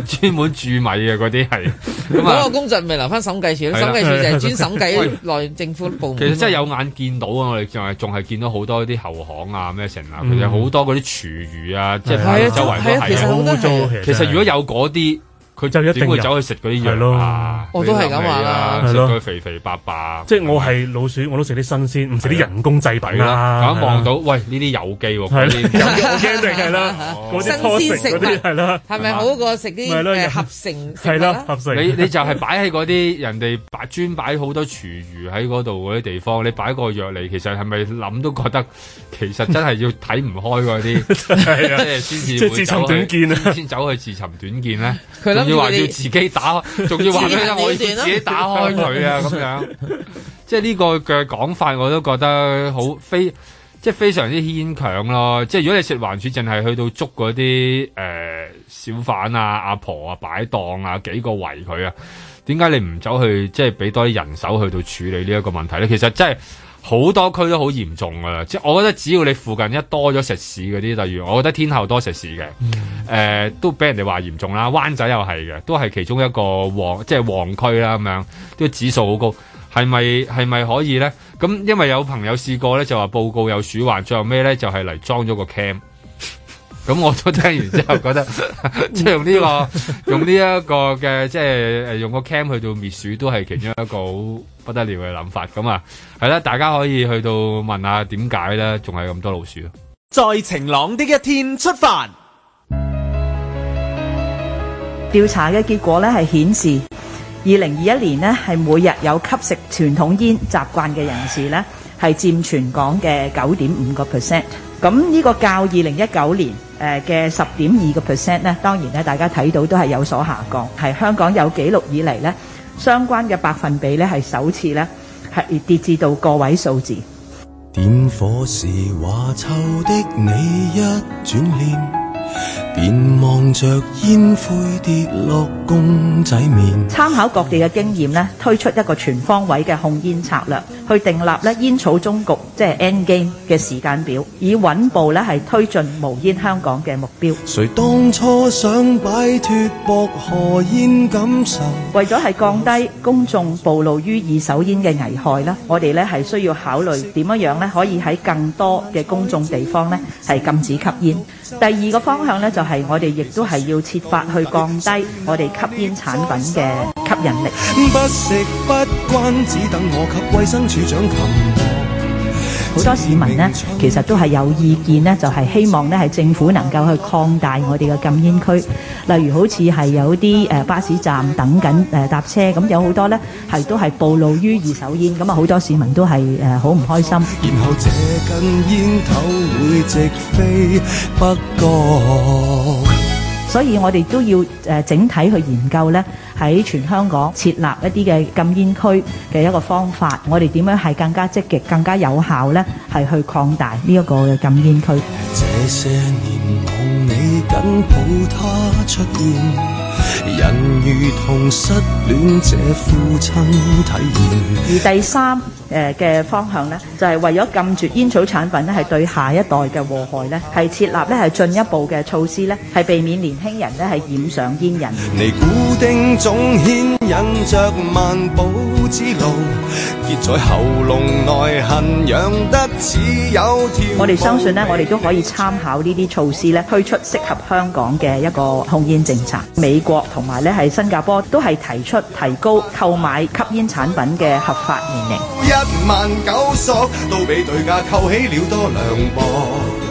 專門住米嘅嗰啲係。嗰個公辦咪留翻審計處，審計處就係專審計內政府部門。其實真係有眼見到啊！我哋仲係仲係見到好多啲後巷啊咩成啊，佢有好多嗰啲廚餘啊，即係周圍都係好污糟。其實如果有啲。佢就一定走去食嗰啲藥咯，我都係咁話啦，食佢肥肥白白。即係我係老鼠，我都食啲新鮮，唔食啲人工製底啦。咁望到，喂，呢啲有機喎，嗰啲有機，好驚定係啦。嗰啲新鮮食嗰啲係啦，係咪好過食啲合成？係啦，合成。你你就係擺喺嗰啲人哋擺專擺好多廚餘喺嗰度嗰啲地方，你擺個藥嚟，其實係咪諗都覺得其實真係要睇唔開嗰啲，係啊，即係先至短見先走去自尋短見咧。佢諗。要話要自己打開，仲要話咩？ 了我以自己打開佢啊！咁 樣，即係呢個嘅講法，我都覺得好非，即係非常之牽強咯。即係如果你食環署淨係去到捉嗰啲誒小販啊、阿婆啊、擺檔啊幾個圍佢啊，點解你唔走去即係俾多啲人手去到處理呢一個問題咧？其實真係～好多區都好嚴重㗎啦，即係我覺得只要你附近一多咗食肆嗰啲，例如我覺得天后多食肆嘅，誒、mm hmm. 呃、都俾人哋話嚴重啦，灣仔又係嘅，都係其中一個旺，即係旺區啦咁樣，都指數好高，係咪係咪可以呢？咁因為有朋友試過呢，就話報告有鼠患，最後咩呢？就係嚟裝咗個 cam。咁我都聽完之後覺得，即係 用呢、這個用呢一個嘅，即係用個 cam 去做滅鼠，都係其中一個好不得了嘅諗法。咁啊，係啦，大家可以去到問下點解咧，仲係咁多老鼠。在晴朗的一天出發，調查嘅結果咧係顯示，二零二一年呢係每日有吸食傳統煙習慣嘅人士咧，係佔全港嘅九點五個 percent。咁呢個較二零一九年誒嘅十點二個 percent 咧，當然咧大家睇到都係有所下降，係香港有紀錄以嚟咧相關嘅百分比咧係首次咧係跌至到個位數字。點火時話臭的你一轉臉，便望着煙灰跌落公仔麵。參考各地嘅經驗咧，推出一個全方位嘅控煙策略。去訂立咧煙草終局即係 end game 嘅時間表，以穩步咧係推進無煙香港嘅目標。誰當初想擺脱薄荷煙感受？為咗係降低公眾暴露於二手煙嘅危害啦，我哋咧係需要考慮點樣樣咧可以喺更多嘅公眾地方咧係禁止吸煙。第二個方向咧就係我哋亦都係要設法去降低我哋吸煙產品嘅。吸引力不食不慣，只等我給衛生署長琴。好多市民呢，其實都係有意見呢，就係、是、希望呢，係政府能夠去擴大我哋嘅禁煙區。例如好似係有啲誒、呃、巴士站等緊誒、呃、搭車，咁、嗯、有好多呢，係都係暴露於二手煙，咁啊好多市民都係誒好唔開心。然後這根煙頭會直飛北角。所以我哋都要整體去研究咧，喺全香港設立一啲嘅禁煙區嘅一個方法，我哋點樣係更加積極、更加有效咧，係去擴大呢一個嘅禁煙區。這些年你跟出現。而第三誒嘅方向咧，就係為咗禁絕煙草產品咧，係對下一代嘅禍害咧，係設立咧係進一步嘅措施咧，係避免年輕人咧係染上煙癮。尼古丁總牽引著萬寶之路，結在喉嚨內痕癢得似有條。我哋相信咧，我哋都可以參考呢啲措施咧，推出適合香港嘅一個控煙政策。美國。同埋呢，喺新加坡都係提出提高購買吸煙產品嘅合法年齡。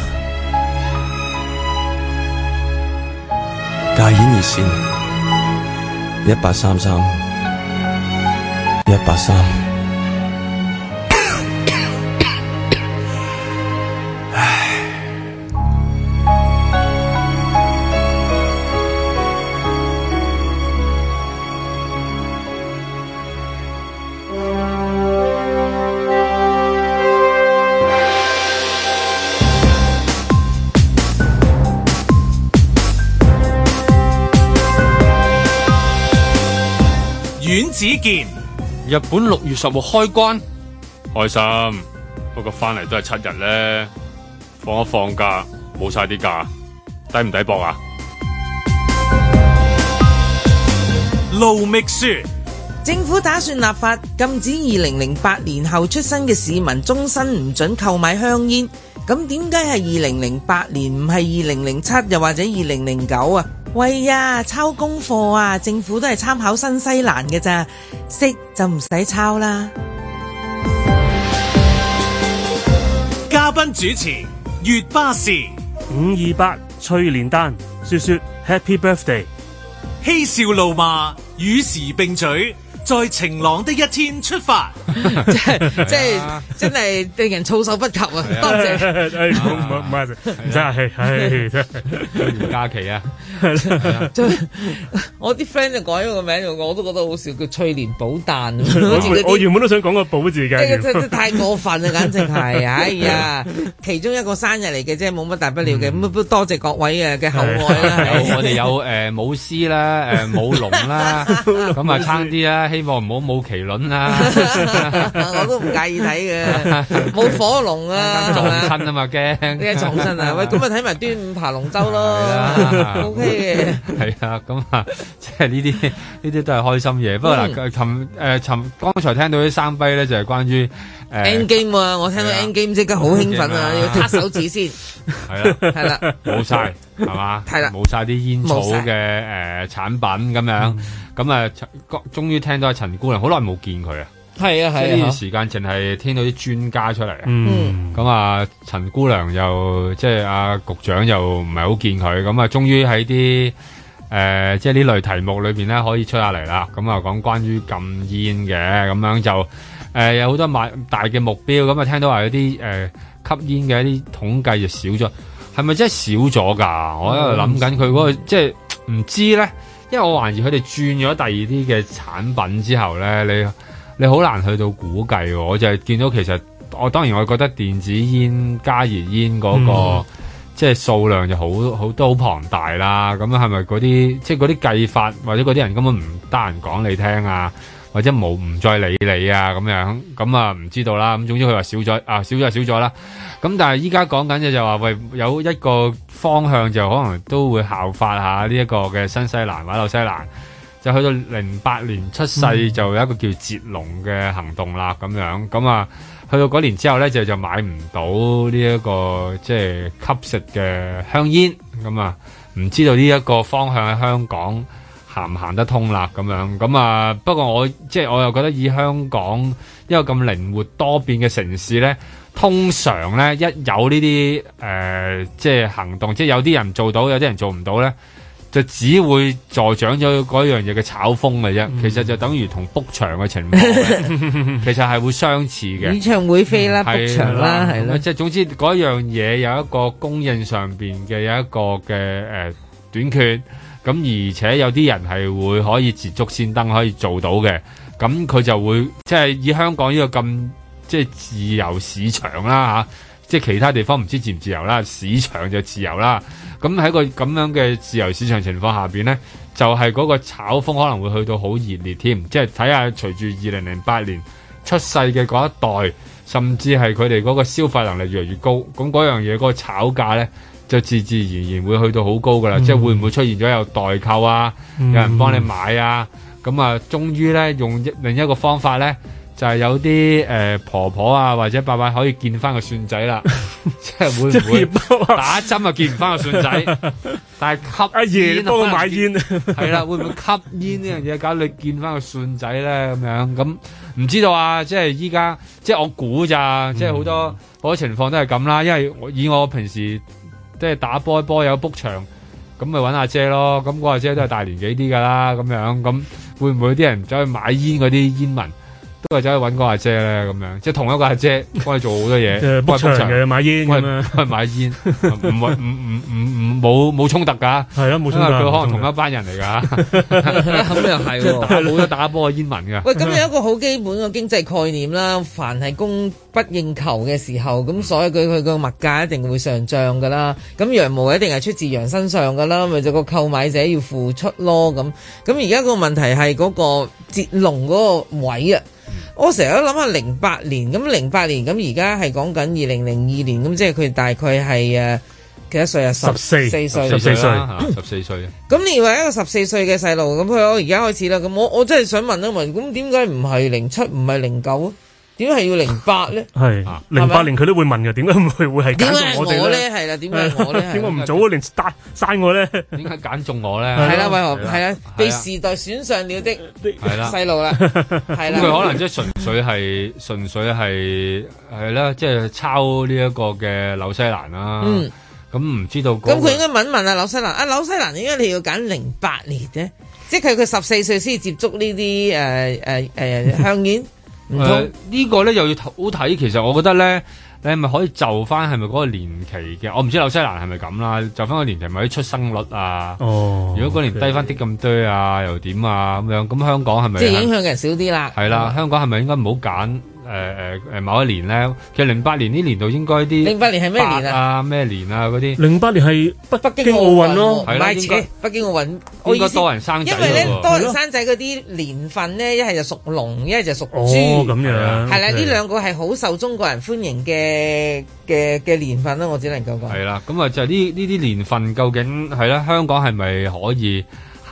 大演熱線一八三三一八三。18 3. 18 3. 子健，日本六月十號開關，開心，不過翻嚟都係七日咧，放一放假，冇晒啲假，抵唔抵搏啊？盧秘書，政府打算立法禁止二零零八年後出生嘅市民終身唔准購買香煙，咁點解係二零零八年唔係二零零七又或者二零零九啊？喂呀，抄功課啊，政府都係參考新西蘭嘅咋，識就唔使抄啦。嘉賓主持：月巴士五二八翠蓮丹，說說 Happy Birthday，嬉笑怒罵與時並舉。在晴朗的一天出發，即係即係真係令人措手不及啊！多謝，唔該唔該唔該，真係真係假期啊！我啲 friend 就改咗個名，我都覺得好笑，叫翠蓮寶誕。我原本都想講個寶字嘅。真真真太過分啊！簡直係，哎呀，其中一個生日嚟嘅啫，冇乜大不了嘅。咁多謝各位嘅嘅厚愛啦。我哋有誒舞獅啦，誒舞龍啦，咁啊差啲啊！希望唔好冇麒麟啊！我都唔介意睇嘅，冇火龍啊！撞親啊嘛驚，咩重親啊？喂，咁咪睇埋端午爬龍舟咯，O K 嘅。係啊，咁啊，即係呢啲呢啲都係開心嘢。不過嗱，琴，誒尋剛才聽到啲生輝咧，就係關於誒 endgame 啊！我聽到 endgame 即刻好興奮啊！要撻手指先係啊，係啦，冇晒係嘛，係啦，冇晒啲煙草嘅誒產品咁樣。咁啊，終終於聽到阿陳姑娘，好耐冇見佢啊！係啊，係啊，呢段時間淨係聽到啲專家出嚟啊。嗯，咁啊、嗯嗯，陳姑娘又即係阿局長又唔係好見佢，咁啊，終於喺啲誒，即係呢類題目裏邊咧可以出下嚟啦。咁啊，講關於禁煙嘅，咁樣就誒、呃，有好多大大嘅目標，咁啊，聽到話有啲誒吸煙嘅一啲統計就少咗，係咪真係少咗噶？嗯、我喺度諗緊佢嗰個，嗯、即係唔知咧。因為我懷疑佢哋轉咗第二啲嘅產品之後呢，你你好難去到估計喎。我就係見到其實，我當然我覺得電子煙、那個、加熱煙嗰個即係數量就好好都好龐大啦。咁係咪嗰啲即係嗰啲計法或者嗰啲人根本唔得人講你聽啊？或者冇唔再理你啊咁樣，咁啊唔知道啦。咁總之佢話少咗啊，少咗就少咗啦。咁但係依家講緊嘅就話，喂有一個方向就可能都會效法下呢一個嘅新西蘭或者新西蘭，就去到零八年出世，嗯、就有一個叫截龍嘅行動啦咁樣。咁啊去到嗰年之後呢，就就買唔到呢，這，一個即係吸食嘅香煙。咁啊唔知道呢一個方向喺香港行唔行得通啦？咁樣咁啊！不過我即係我又覺得以香港一個咁靈活多變嘅城市咧，通常咧一有呢啲誒，即係行動，即係有啲人做到，有啲人做唔到咧，就只會助長咗嗰樣嘢嘅炒風嘅啫。其實就等於同 book 場嘅情況， 其實係會相似嘅。演唱會飛啦，book、嗯、場啦，係咯。即係的總之，嗰樣嘢有一個供應上邊嘅有一個嘅誒短缺。咁而且有啲人係會可以捷足先登，可以做到嘅。咁佢就會即係以香港呢個咁即係自由市場啦嚇、啊，即係其他地方唔知自唔自由啦，市場就自由啦。咁喺個咁樣嘅自由市場情況下邊呢，就係、係、嗰個炒風可能會去到好熱烈添。即係睇下隨住二零零八年出世嘅嗰一代，甚至係佢哋嗰個消費能力越來越高，咁嗰樣嘢嗰、嗰個炒價呢。就自自然然會去到好高噶啦，即係會唔會出現咗有代購啊？有人幫你買啊？咁啊，終於咧用另一個方法咧，就係有啲誒婆婆啊或者爸爸可以見翻個孫仔啦，即係會唔會打針啊見唔翻個孫仔？但係吸一幫佢買煙係啦，會唔會吸煙呢樣嘢搞到你見翻個孫仔咧？咁樣咁唔知道啊？即係依家即係我估咋，即係好多好多情況都係咁啦，因為以我平時。即係打波一波有 book 場，咁咪揾阿姐咯。咁嗰阿姐都係大年紀啲㗎啦，咁樣咁會唔會啲人走去買煙嗰啲煙民？都係走去揾嗰阿姐咧，咁樣即係同一個阿姐幫你做好多嘢，幫你 幫你買煙，唔唔唔唔唔冇冇衝突㗎，係啊，冇衝突，佢可能同一班人嚟㗎，咁又係冇得打波嘅煙民㗎。喂，咁有一個好基本嘅經濟概念啦，凡係供不應求嘅時候，咁所以佢佢個物價一定會上漲㗎啦。咁羊毛一定係出自羊身上㗎啦，咪就係個購買者要付出咯。咁咁而家個問題係嗰個節龍嗰個位啊！我成日都諗下零八年，咁零八年，咁而家係講緊二零零二年，咁即係佢大概係誒幾多歲啊？十四歲，十四歲，十四歲。咁你話一個十四歲嘅細路，咁佢我而家開始啦，咁我我真係想問一問，咁點解唔係零七，唔係零九啊？點解係要零八咧？係零八年，佢都會問嘅。點解唔會會係揀中我哋咧？點解我咧係啦？點解我咧？點解唔早一年生我咧？點解揀中我咧？係啦，為何係啦？被時代選上了的細路啦，係啦。咁佢可能即係純粹係，純粹係係啦，即係抄呢一個嘅紐西蘭啦。嗯，咁唔知道咁佢應該問一問啊紐西蘭啊紐西蘭，應該你要揀零八年啫，即係佢十四歲先接觸呢啲誒誒誒香煙。嗯呃這個、呢個咧又要好睇，其實我覺得咧，你係咪可以就翻係咪嗰個年期嘅？我唔知紐西蘭係咪咁啦，就翻個年期，咪啲出生率啊。哦，如果嗰年低翻啲咁堆啊，嗯、又點啊咁樣？咁香港係咪即係影響人少啲啦？係啦，香港係咪應該唔好揀？誒誒誒，某一年咧，其實零八年呢年度，應該啲零八年係咩年啊？咩年啊？啲零八年係北北京奧運咯，係啦，北京奧運應該多人生仔，因為咧多人生仔嗰啲年份咧，一係就屬龍，一係就屬豬，咁、哦、樣係啦、啊。呢對，okay，兩個係好受中國人歡迎嘅嘅嘅年份啦、啊，我只能夠講係啦。咁啊，就呢呢啲年份究竟係啦？香港係咪可以？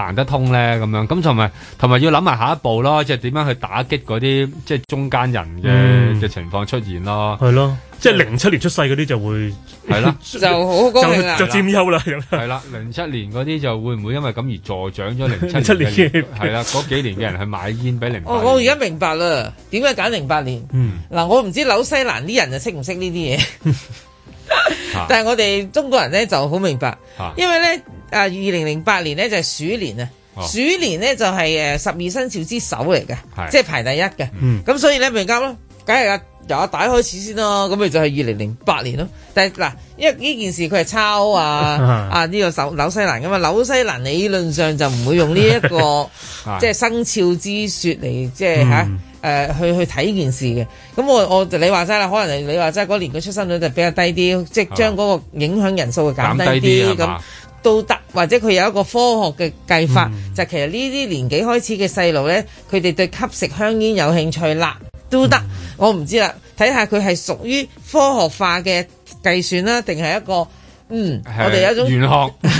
行得通咧咁樣，咁同埋同埋要諗埋下一步咯，即係點樣去打擊嗰啲即係中間人嘅嘅、嗯、情況出現咯。係咯，即係零七年出世嗰啲就會係啦，就好、是、就佔優啦，係 啦。零七啦 年嗰啲就會唔會因為咁而助長咗零七年嘅係 啦嗰幾年嘅人去買煙俾零八年。哦，我而家明白啦，點解揀零八年？嗯，嗱， 我唔知紐西蘭啲人就識唔識呢啲嘢。 但係我哋中國人咧就好明白，因為咧誒，二零零八年咧就係、是、鼠年啊，鼠、哦、年咧就係誒十二生肖之首嚟嘅，是的 即係排第一嘅，咁、嗯、所以咧咪啱咯，梗係啊。由阿大開始先咯，咁咪就係二零零八年咯。但係嗱，因為呢件事佢係抄啊 啊呢、呢個首紐西蘭噶嘛，紐西蘭理論上就唔會用呢一個 即係生肖之説嚟即係吓誒去去睇件事嘅。咁我我你話齋啦，可能你話齋嗰年嘅出生率就比較低啲， 即係將嗰個影響人數減低啲咁都得，或者佢有一個科學嘅計法， 就其實呢啲年紀開始嘅細路咧，佢哋對吸食香煙有興趣啦。都得，我唔知啦，睇下佢係屬於科學化嘅計算啦，定係一個嗯，是我哋有一種玄學。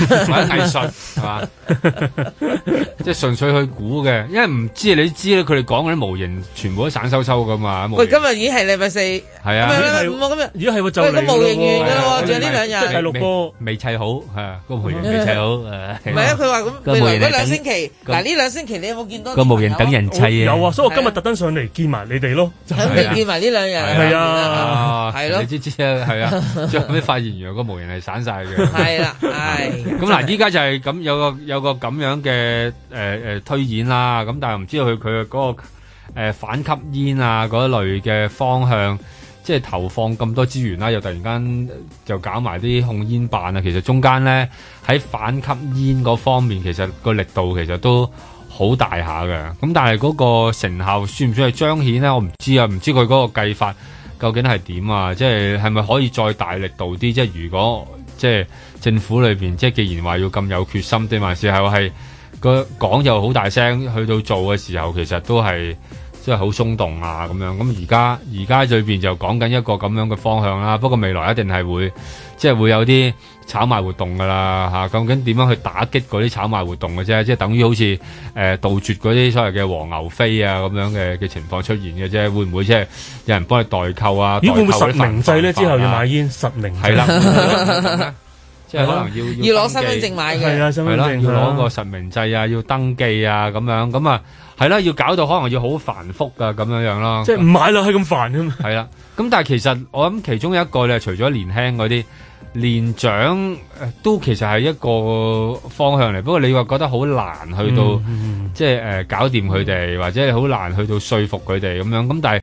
買藝術係嘛，即係純粹去估嘅，因為唔知你知咧，佢哋講嗰啲模型全部都散收收噶嘛。喂，今日已經係禮拜四係啊，五啊，今日如果係就嚟模型完噶啦，仲有呢兩日第六波，未砌好係啊，個模型未砌好唔係啊，佢話咁，如果兩星期嗱，呢兩星期你有冇見到個模型等人砌啊？有啊，所以我今日特登上嚟見埋你哋咯，肯定見埋呢兩日係啊，係咯，你知知啊，係啊，最後尾發現原來個模型係散晒嘅，係啦，係。咁嗱，依家、嗯、就係咁有個有個咁樣嘅誒誒推演啦，咁但係唔知道佢佢嗰個、呃、反吸煙啊嗰類嘅方向，即係投放咁多資源啦、啊，又突然間就搞埋啲控煙辦啊，其實中間咧喺反吸煙嗰方面，其實個力度其實都好大下嘅。咁但係嗰個成效算唔算係彰顯咧？我唔知啊，唔知佢嗰個計法究竟係點啊？即係係咪可以再大力度啲？即係如果即係。政府裏邊即係既然話要咁有決心，對埋時候係個講又好大聲，去到做嘅時候其實都係即係好鬆動啊咁樣。咁而家而家裏邊就講緊一個咁樣嘅方向啦。不過未來一定係會即係會有啲炒賣活動噶啦吓。究竟點樣去打擊嗰啲炒賣活動嘅啫？即係等於好似誒、呃、杜絕嗰啲所謂嘅黃牛飛啊咁樣嘅嘅情況出現嘅啫。會唔會即係有人幫你代購啊？咦、啊？會唔會實名制咧？之後要買煙實名係啦。 即係可能要要攞身份證買嘢，係啊，係啦，要攞個實名制啊，要登記啊咁樣咁啊，係啦，要搞到可能要好繁複啊咁樣樣咯。即係唔買落去咁煩吖嘛。係啦，咁但係其實我諗其中有一個咧，除咗年輕嗰啲年長誒，都其實係一個方向嚟。不過你話覺得好難去到，即係誒搞掂佢哋，或者係好難去到說服佢哋咁樣。咁但係。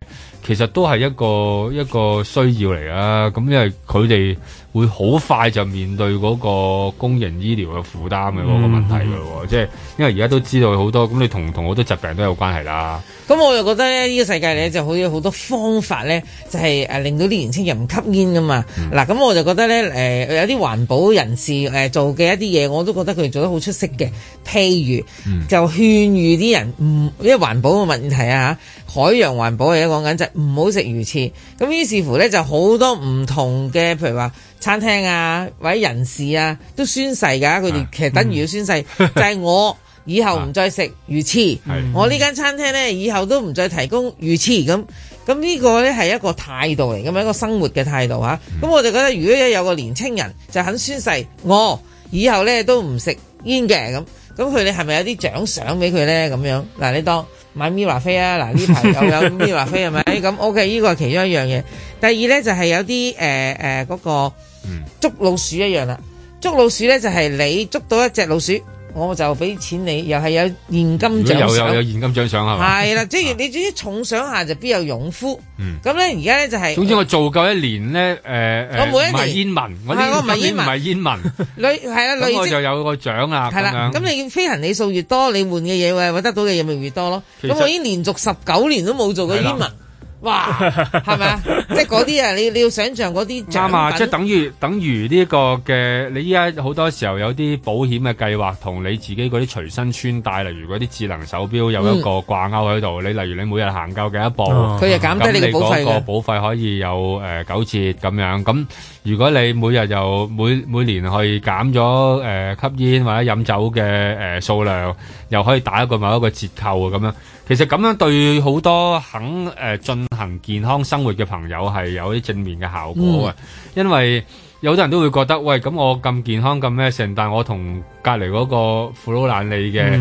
其實都係一個一個需要嚟啊！咁因為佢哋會好快就面對嗰個公營醫療嘅負擔嘅嗰個問題嘅，即係、嗯、因為而家都知道好多咁，你同同好多疾病都有關係啦。咁、嗯嗯、我就覺得咧，呢個世界咧就好似好多方法咧，就係誒令到啲年青人唔吸煙噶嘛。嗱，咁我就覺得咧，誒有啲環保人士誒、呃、做嘅一啲嘢，我都覺得佢哋做得好出色嘅。譬如就勸喻啲人唔，因、嗯、為、嗯、環保嘅問題啊，海洋環保而家講緊唔好食魚翅，咁於是乎呢就好多唔同嘅，譬如話餐廳啊，或者人士啊，都宣誓㗎。佢哋其實等於要宣誓，啊嗯、就係我以後唔再食魚翅，啊嗯、我呢間餐廳呢，以後都唔再提供魚翅。咁咁呢個呢係一個態度嚟，咁樣一個生活嘅態度嚇。咁、啊嗯、我就覺得，如果有個年青人就肯宣誓，我以後呢都唔食煙嘅咁，咁佢哋係咪有啲獎賞俾佢呢？咁樣嗱，你當。買咪華菲啊！嗱呢排又有咪華菲係咪？咁 OK，呢個係其中一樣嘢。第二咧就係、是、有啲誒誒嗰個、嗯、捉老鼠一樣啦。捉老鼠咧就係、是、你捉到一隻老鼠，我就俾錢你，又係有現金獎。如果有有現金獎賞嚇。係啦，即係你總之重賞下就必有勇夫。咁咧而家咧就係、是。總之我做夠一年咧，誒、呃、誒，唔係煙民，我呢啲都唔係煙民。女係啦，女。就有個獎啊。係啦。咁你飛行里數越多，你換嘅嘢喂，得到嘅嘢咪越多咯。咁實我已經連續十九年都冇做過煙民。哇，係咪啊？即係嗰啲啊，你你要想象嗰啲，啱啊！ 即係等於等於呢個嘅，你依家好多時候有啲保險嘅計劃，同你自己嗰啲隨身穿戴，例如嗰啲智能手錶有一個掛鈎喺度，你例如你每日行夠嘅一步，佢又減低你嘅保費，咁個保費可以有誒九折咁樣咁。嗯如果你每日又每每年去減咗誒、呃、吸煙或者飲酒嘅誒、呃、數量，又可以打一個某一個折扣啊。咁樣，其實咁樣對好多肯誒、呃、進行健康生活嘅朋友係有啲正面嘅效果嘅，嗯、因為。有好多人都會覺得，喂，咁我咁健康咁咩成，但係我同隔離嗰個庫魯蘭尼嘅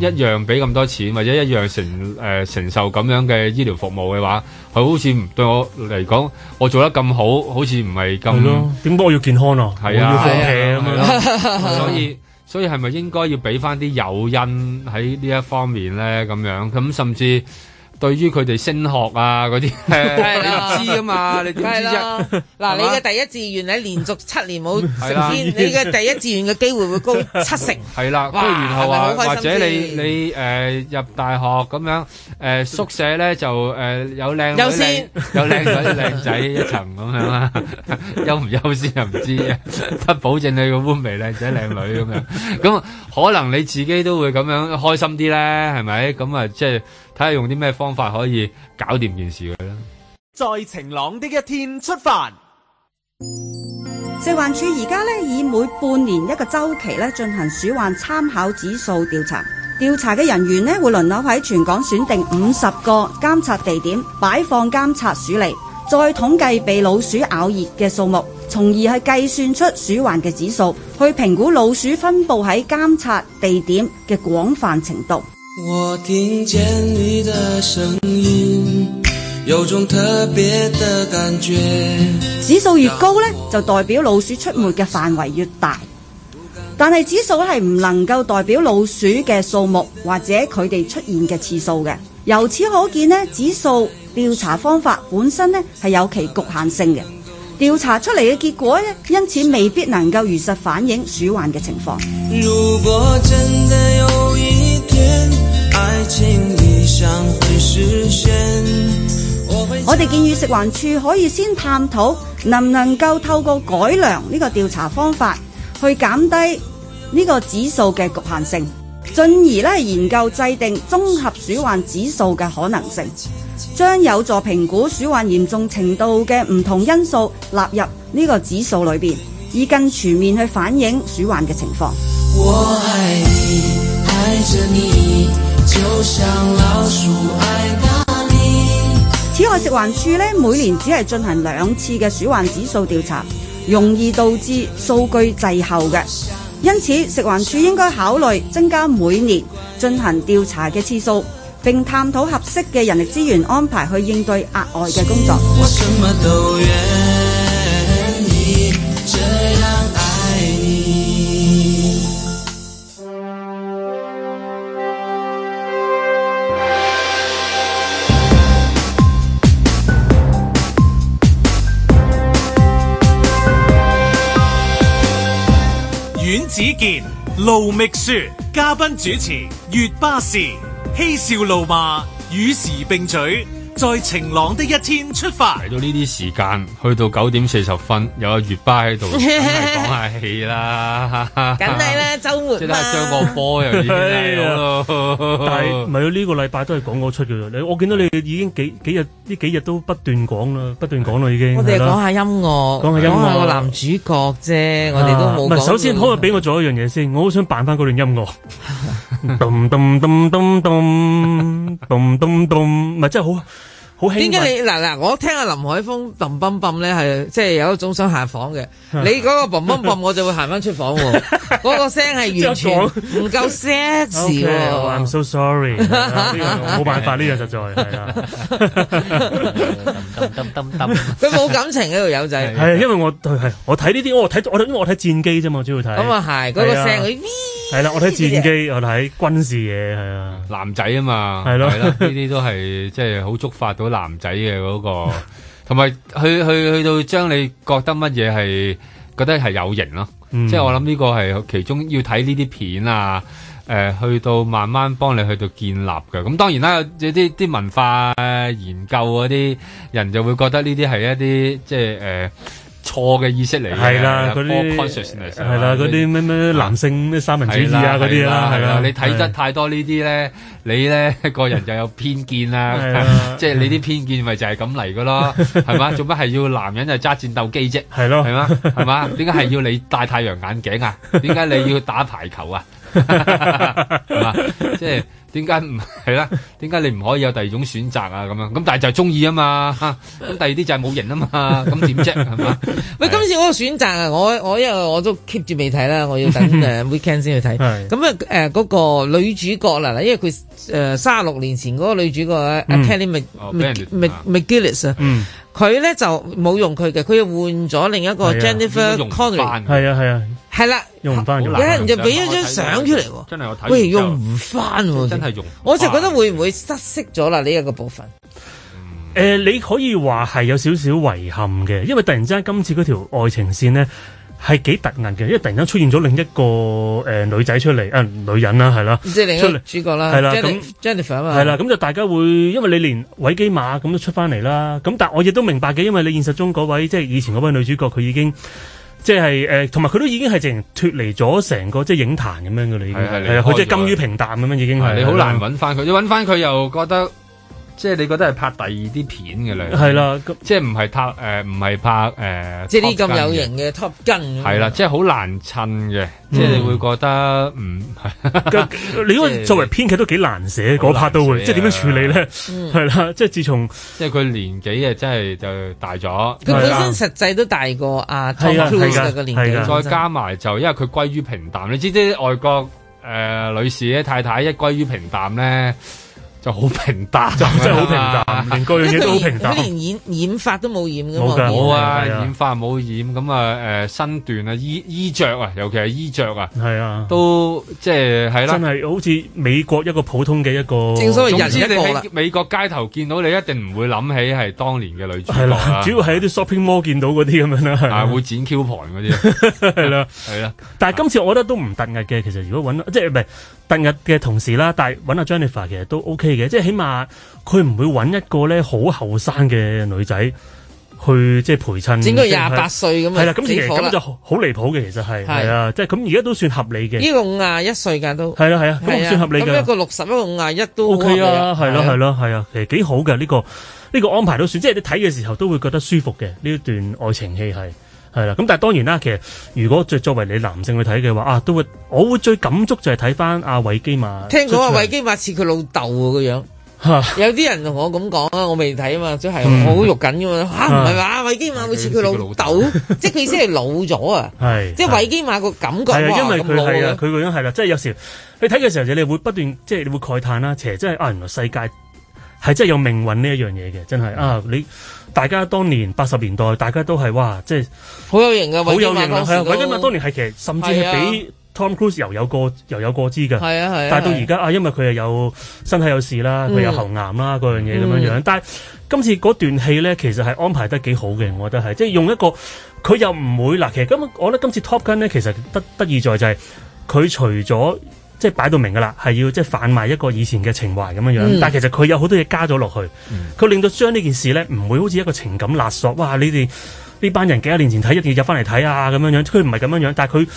一樣俾咁多錢，或者一樣承誒承受咁樣嘅醫療服務嘅話，佢好似對我嚟講，我做得咁好，好似唔係咁。係咯，點解我要健康啊？係啊，要放棄咁樣咯。所以所以係咪應該要俾翻啲誘因喺呢一方面咧？咁樣咁甚至。對於佢哋升學啊嗰啲，係你知啊嘛？你點知啊？嗱，你嘅第一志願你連續七年冇升，你嘅第一志願嘅機會會高七成。係啦，跟住然後啊，或者你你誒入大學咁樣誒宿舍咧就誒有靚有靚有靚女靚仔一層咁樣啦，優唔優先又唔知，得保證你個 roommate 靚仔靚女咁樣，咁可能你自己都會咁樣開心啲咧，係咪？咁啊，即係。睇下用啲咩方法可以搞掂件事佢啦！在晴朗的一天出發。食環署而家咧以每半年一個周期咧，進行鼠患參考指數調查，調查嘅人員咧會輪流喺全港選定五十個監察地點擺放監察鼠嚟，再統計被老鼠咬熱嘅數目，從而係計算出鼠患嘅指數，去評估老鼠分布喺監察地點嘅廣泛程度。我聽見你的聲音有種特別的感覺。指數越高呢，就代表老鼠出沒嘅範圍越大，但係指數係唔能夠代表老鼠嘅數目或者佢哋出現嘅次數嘅。由此可見呢，指數調查方法本身呢，係有其局限性嘅。調查出嚟嘅結果，因此未必能夠如實反映鼠患嘅情況。我哋建議食環處可以先探討，能唔能夠透過改良呢個調查方法，去減低呢個指數嘅局限性。進而咧研究制定綜合鼠患指數嘅可能性，將有助評估鼠患嚴重程度嘅唔同因素納入呢個指數裏邊，以更全面去反映鼠患嘅情況。我愛你，愛著你，就像老鼠愛大米。此外，食環署咧每年只係進行兩次嘅鼠患指數調查，容易導致數據滯後嘅。因此，食環署應該考慮增加每年進行調查嘅次數，並探討合適嘅人力資源安排去應對額外嘅工作。Okay. 子健、盧覓雪嘉賓主持，月巴士嬉笑怒罵，與時並舉。在晴朗的一天出發。嚟到呢啲時間，去到九點四十分，有個月巴喺度講下戲啦。梗係啦，週末。即係睇下張國波又已經咯。但係唔係啊？呢個禮拜都係講嗰出嘅。你我見到你已經幾幾日呢？幾日都不斷講啦，不斷講啦，已經。我哋講下音樂，講下音樂，個男主角啫。我哋都冇。唔係，首先可唔可以俾我做一樣嘢先？我好想扮翻嗰段音樂。咚咚咚咚咚咚咚咚，唔係真係好啊！點解你嗱嗱？我聽阿林海峰冧冧冧咧，係即係有一種想下房嘅。你嗰個冧冧冧，我就會行翻出房喎。嗰個聲係完全唔夠 sexy。I'm so sorry，呢樣冇辦法，呢樣實在係啊。冧冧冧冧，佢冇感情喺度，有就係。係因為我對係我睇呢啲，我睇我因為我睇戰機啫嘛，主要睇。咁啊係，嗰個聲佢。係啦，我睇戰機，我睇軍事嘢係啊。男仔啊嘛，係咯，呢啲都係即係好觸發到。男仔嘅嗰個，同埋去去去到將你覺得乜嘢係覺得係有型咯、啊，嗯、即係我諗呢個係其中要睇呢啲片啊，誒、呃、去到慢慢幫你去到建立嘅。咁、嗯、當然啦，有一啲啲文化研究嗰啲人就會覺得呢啲係一啲即係誒。呃錯嘅意識嚟係啦，嗰啲係啦，嗰啲咩咩男性咩沙文主義啊嗰啲啦，係啦，你睇得太多呢啲咧，你咧個人就有偏見啦，即係你啲偏見咪就係咁嚟噶咯，係嘛？做乜係要男人就揸戰鬥機啫？係咯，係嘛？係嘛？點解係要你戴太陽眼鏡啊？點解你要打排球啊？係嘛？即係。點解唔係啦？點解你唔可以有第二種選擇啊？咁樣咁，但係就係中意啊嘛！咁第二啲就係冇型啊嘛！咁點啫？係嘛 吧？喂，今次嗰個選擇啊，我我因為我都 keep 住未睇啦，我要等誒、uh, weekend 先去睇。係 是的、嗯。咁啊誒嗰個女主角啦，因為佢誒卅六年前嗰個女主角 a k e l l y Mc Gillis 啊，佢咧、嗯嗯、就冇用佢嘅，佢換咗另一個 Jennifer Connelly 係啊係啊。Jennifer 係啦，用唔翻咗啦，有人就俾咗張相出嚟，真係我睇，喂，用唔翻？真係用，我就覺得會唔會失色咗啦？呢、這、一個部分，誒、嗯呃，你可以話係有少少遺憾嘅，因為突然之間今次嗰條愛情線呢係幾突兀嘅，因為突然間出現咗另一個誒、呃、女仔出嚟，誒、呃、女人啦，係啦，即係另一個主角啦，係來啦，Jennifer, 啦，Jennifer 嘛，係啦，咁就大家會，因為你連韋基瑪咁都出翻嚟啦，咁但係我亦都明白嘅，因為你現實中嗰位即係以前嗰位女主角，佢已經。即係誒，同埋佢都已經係直情脫離咗成個即係影壇咁樣嘅啦，的已經係啊，佢的開即係甘於平淡咁樣。已經係的的你好難揾翻佢，你揾翻佢又覺得。即係你覺得係拍第二啲片嘅咧，係啦，即係唔係拍誒，唔係拍誒，即係啲咁有型嘅 top g u 係啦，即係好難襯嘅，即係會覺得唔，你因為作為編劇都幾難寫，嗰 p a 都會，即係點樣處理咧，係啦，即係自從即係佢年紀啊，真係就大咗，佢本身實際都大過阿 Tom Cruise 嘅年紀，再加埋就因為佢歸於平淡，你知知，外國誒女士太太一歸於平淡咧。就好平淡，就真係好平淡，連嗰樣嘢都好平淡。佢連染染髮都冇染嘅，冇啊！染髮冇染咁啊，誒身段啊、衣衣着啊，尤其係衣着啊，係啊，都即係係啦，真係好似美國一個普通嘅一個。正所謂人一定喺美國街頭見到你，一定唔會諗起係當年嘅女主角啦。主要係喺啲 shopping mall 見到嗰啲咁樣啦，係會剪 Q 盤嗰啲，係啦，係啦。但係今次我覺得都唔突兀嘅，其實如果揾即係唔係突兀嘅同時啦，但係揾阿 Jennifer 其實都 OK。嘅，即係起碼佢唔會揾一個咧好後生嘅女仔去即係陪襯，整個廿八歲咁啊，係啦，咁其實咁就好離譜嘅，其實係係啊，即係咁而家都算合理嘅。呢個五廿一歲噶都係啊，係啊，咁算合理嘅。咁一個六十，一個五廿一都 OK 啊，係咯，係咯，係啊，其實幾好嘅呢個呢個安排都算，即係你睇嘅時候都會覺得舒服嘅呢一段愛情戲係。係啦，咁但係當然啦，其實如果作作為你男性去睇嘅話啊，都會我會最感觸就係睇翻阿韋基瑪。聽講阿韋基瑪似佢老豆個樣， 有啲人同我咁講啊，我未睇啊嘛，即係好肉緊噶嘛，吓唔係話阿韋基瑪會似佢老豆，即係佢意思係老咗啊， 即係韋基瑪個感覺。 的哇因為佢係佢個樣係啦，即係、就是、有時你睇嘅時候就你會不斷即係你會慨嘆啦，其實真、就、係、是、啊，原來世界係真係有命運呢一樣嘢嘅，真係 啊你。大家當年八十年代，大家都係哇，即係好有型嘅。好有型啊，係啊！因為，當年係其實甚至係比 Tom Cruise 又有過又有過之嘅。係啊係啊。但係到而家啊，因為佢又有身體有事啦，佢、嗯、有喉癌啦嗰樣嘢咁樣樣。嗯、但係今次嗰段戲咧，其實係安排得幾好嘅，我覺得係，即係用一個佢又唔會嗱。其實今我覺得今次 Top Gun 咧，其實得得意在就係、是、佢除咗。即係擺到明噶啦，係要即係販賣一個以前嘅情懷咁樣樣。嗯、但係其實佢有好多嘢加咗落去，佢令到將呢件事咧唔會好似一個情感勒索。哇！呢啲呢班人幾多年前睇，一定要入翻嚟睇啊咁樣樣。佢唔係咁樣樣，但係佢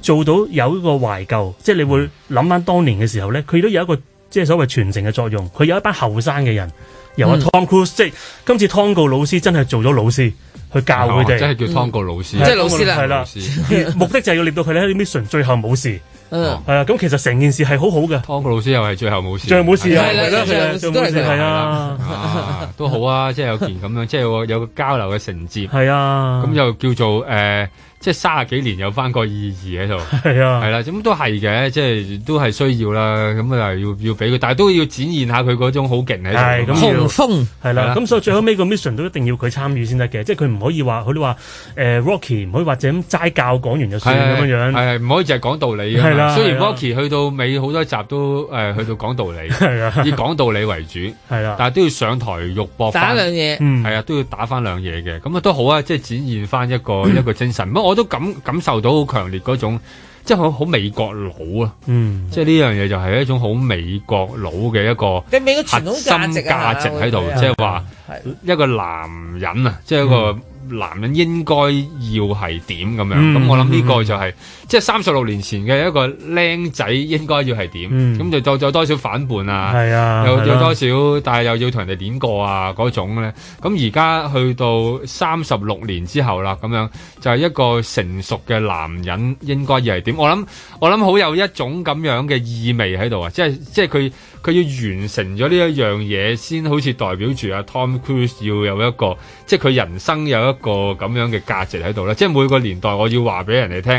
做到有一個懷舊，即係你會諗翻當年嘅時候咧，佢都有一個即係所謂傳承嘅作用。佢有一班後生嘅人，由阿 Tom Cruise、嗯、即係今次湯告老師真係做咗老師去教佢哋，即係叫湯告老師，哦、即係老師係啦， 目的就係要令到佢咧 mission 最後冇事。嗯，係啊，咁其實成件事係好好嘅，Tom 老師又係最後冇事，最後冇事啊，係啦，係啦，都係係啊，都好啊， 即係有件咁樣，即係有個交流嘅承接，係啊，咁又叫做誒。呃即係卅幾年有翻個意義喺度，係啊，係啦，咁都係嘅，即係都係需要啦，咁又要要俾佢，但係都要展現下佢嗰種好勁喺度，雄風係啦，咁所以最後尾個 mission 都一定要佢參與先得嘅，即係佢唔可以話，佢都話誒 Rocky 唔可以或者咁齋教講完就算咁樣，係唔可以淨係講道理嘅，雖然 Rocky 去到尾好多集都誒去到講道理，係啊，以講道理為主，係啦，但係都要上台肉搏打兩嘢，係啊，都要打翻兩嘢嘅，咁啊都好啊，即係展現翻一個一個精神。都感感受到好強烈嗰種，即係好好美國佬啊！嗯，即係呢樣嘢就係一種好美國佬嘅一個美國佬嘅核心價值喺、啊、度，啊、即係話係一個男人啊，即係一個。嗯男人應該要係點咁樣？咁、嗯、我諗呢個就係、是嗯、即係三十六年前嘅一個靚仔應該要係點？咁、嗯、就做咗多少反叛啊，啊又有多少，啊、但係又要同人哋點過啊嗰種咧？咁而家去到三十六年之後啦，咁樣就係、是、一個成熟嘅男人應該要係點？我諗我諗好有一種咁樣嘅意味喺度啊！即係即係佢。佢要完成咗呢一樣嘢，先好似代表住阿 Tom Cruise 要有一個，即係佢人生有一個咁樣嘅價值喺度咧。即係每個年代，我要話俾人哋聽，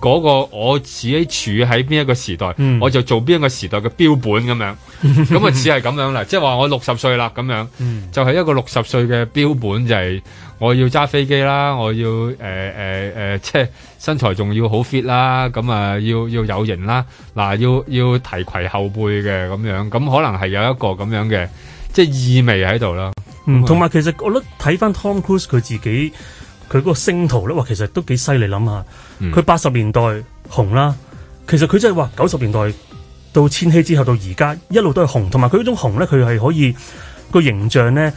嗰、嗰個我自己處喺邊一個時代，嗯、我就做邊一個時代嘅標本咁樣。咁啊，只係咁樣啦。即係話我六十歲啦，咁樣就係一個六十歲嘅標本就係、係。我要揸飛機啦，我要誒誒誒，即係、呃呃呃、身材仲要好 fit 啦，咁啊要要有型啦，嗱要要提攜後輩嘅咁樣，咁可能係有一個咁樣嘅即係意味喺度啦。嗯，同埋、嗯、其實我覺得睇翻 Tom Cruise 佢自己佢嗰個星途咧，哇，其實都幾犀利。諗下佢八十年代紅啦，其實佢真係話九十年代到千禧之後到而家一路都係紅，同埋佢嗰種紅咧，佢係可以、個形象咧。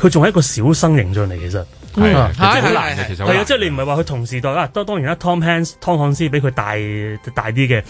佢仲係一個小生形象嚟，其實係啊，即係好難嘅，其實係啊，即係你唔係話佢同時代啊。當當然啦，Tom Hanks、湯漢斯比佢大大啲嘅。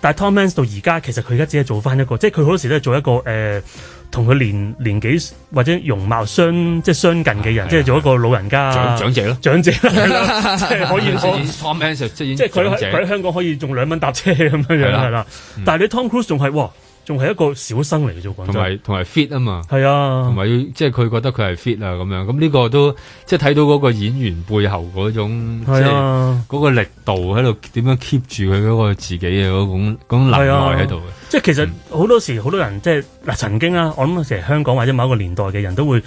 但係 Tom Hanks 到而家，其實佢而家只係做翻一個，即係佢好多時都係做一個誒、呃，同佢年年紀或者容貌相即係相近嘅人，即係做一個老人家對、對、對、對、對長者咯，長者即係、就是、可以演 Tom Hanks 即係演即佢喺香港可以用兩蚊搭車咁樣樣，係啦。吧嗯、但係你 Tom Cruise 仲係。嗯仲係一個小生嚟嘅啫，同埋同埋 fit 啊嘛，係啊，同埋即係佢覺得佢係 fit 啊咁樣，咁呢個都即係睇到嗰個演員背後嗰種，啊、即係嗰個力度喺度點樣 keep 住佢嗰個自己嘅嗰種嗰種能耐喺度。即係其實好多時好多人即係嗱曾經啊，我諗成日香港或者某一個年代嘅人都會。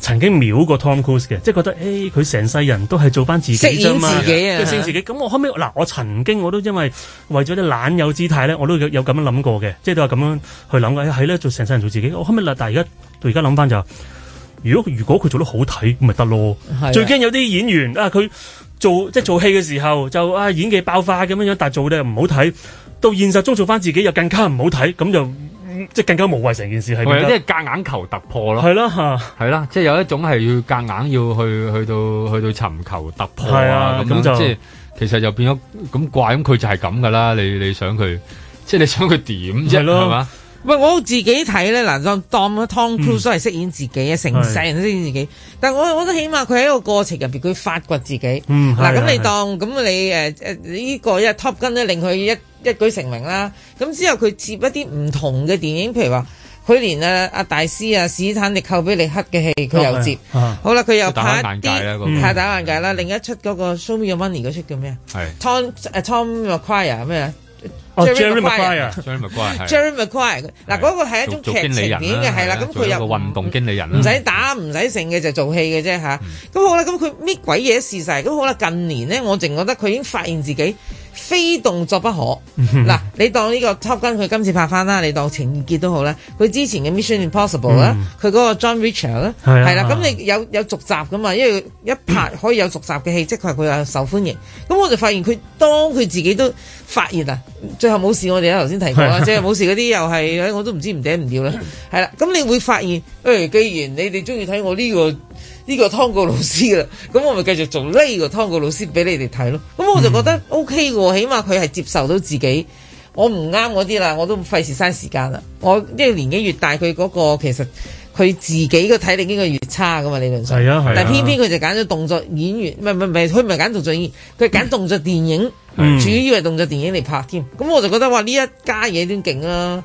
曾經秒過 Tom Cruise 嘅，即係覺得誒，佢成世人都係做翻自己啫嘛，即係飾演自己。咁、啊、我後尾，嗱，我曾經我都因為為咗啲懶有姿態咧，我都有咁樣諗過嘅，即係都話咁樣去諗嘅。喺、欸、咧做成世人做自己，我後尾，嗱，但係而家到而家諗翻就，如果如果佢做得好睇咁咪得咯。是的 最驚有啲演員啊，佢做即係做戲嘅時候就啊演技爆發咁樣樣，但係做咧又唔好睇，到現實中做翻自己又更加唔好睇，咁就。即係更加無謂，成件事係有啲夾硬求突破咯。係咯，係咯，即係有一種係要夾硬要去去到去到尋求突破啊。咁就，即係其實就變咗咁怪，咁佢就係咁噶啦。你你想佢，即係你想佢點啫？係嘛？唔係我自己睇咧，嗱，當當 Tom Cruise 都係飾演自己啊？成世人飾演自己，但我覺得起碼佢喺一個過程入邊，佢發掘自己。嗱，咁你當咁你誒誒呢個一 Top Gun 咧令佢一。一舉成名啦，咁之後佢接一啲唔同嘅電影，譬如話佢連啊阿大師啊史坦利寇比利克嘅戲佢又接，好啦，佢又拍一啲拍打眼鏡啦，另一出嗰個《Show Me Your Money》嗰出叫咩 Tom Tom Maguire 咩啊？哦 Jerry Maguire，Jerry Maguire，Jerry Maguire，嗱，嗰個係一種劇情嘅，係啦，咁佢有運動經理人，唔使打唔使剩嘅就做戲嘅啫吓，咁好啦，咁佢咩鬼嘢試曬，咁好啦，近年咧我淨覺得佢已經發現自己。非動作不可，嗱， 你當呢個 Top Gun 佢今次拍返啦，你當情意結都好啦，佢之前嘅 Mission Impossible 啦，佢、啊、嗰、嗯、個 John Richard 啦，係啦，咁你有有續集㗎嘛？因為一拍可以有續集嘅戲，即係佢又受歡迎。咁、嗯、我就發現佢當佢自己都發現啊，最後冇事。我哋喺頭先提過啦，即係冇事嗰啲又係，我都唔知唔頂唔掉啦。係啦、 啊，咁你會發現，誒、哎，既然你哋鍾意睇我呢、這個。呢個湯告老師啦，咁我咪繼續做呢個湯告老師俾你哋睇咯。咁我就覺得 OK 喎，嗯、起碼佢係接受到自己。我唔啱嗰啲啦，我都費事嘥時間啦。我因為年紀越大，佢嗰、那個其實佢自己嘅體力應該越差噶嘛，理論上。係啊係。啊但偏偏佢就揀咗動作演員，唔係唔係佢唔係揀動作演員，佢揀動作電影，嗯、主要係動作電影嚟拍添。咁我就覺得話呢一家嘢都勁啊！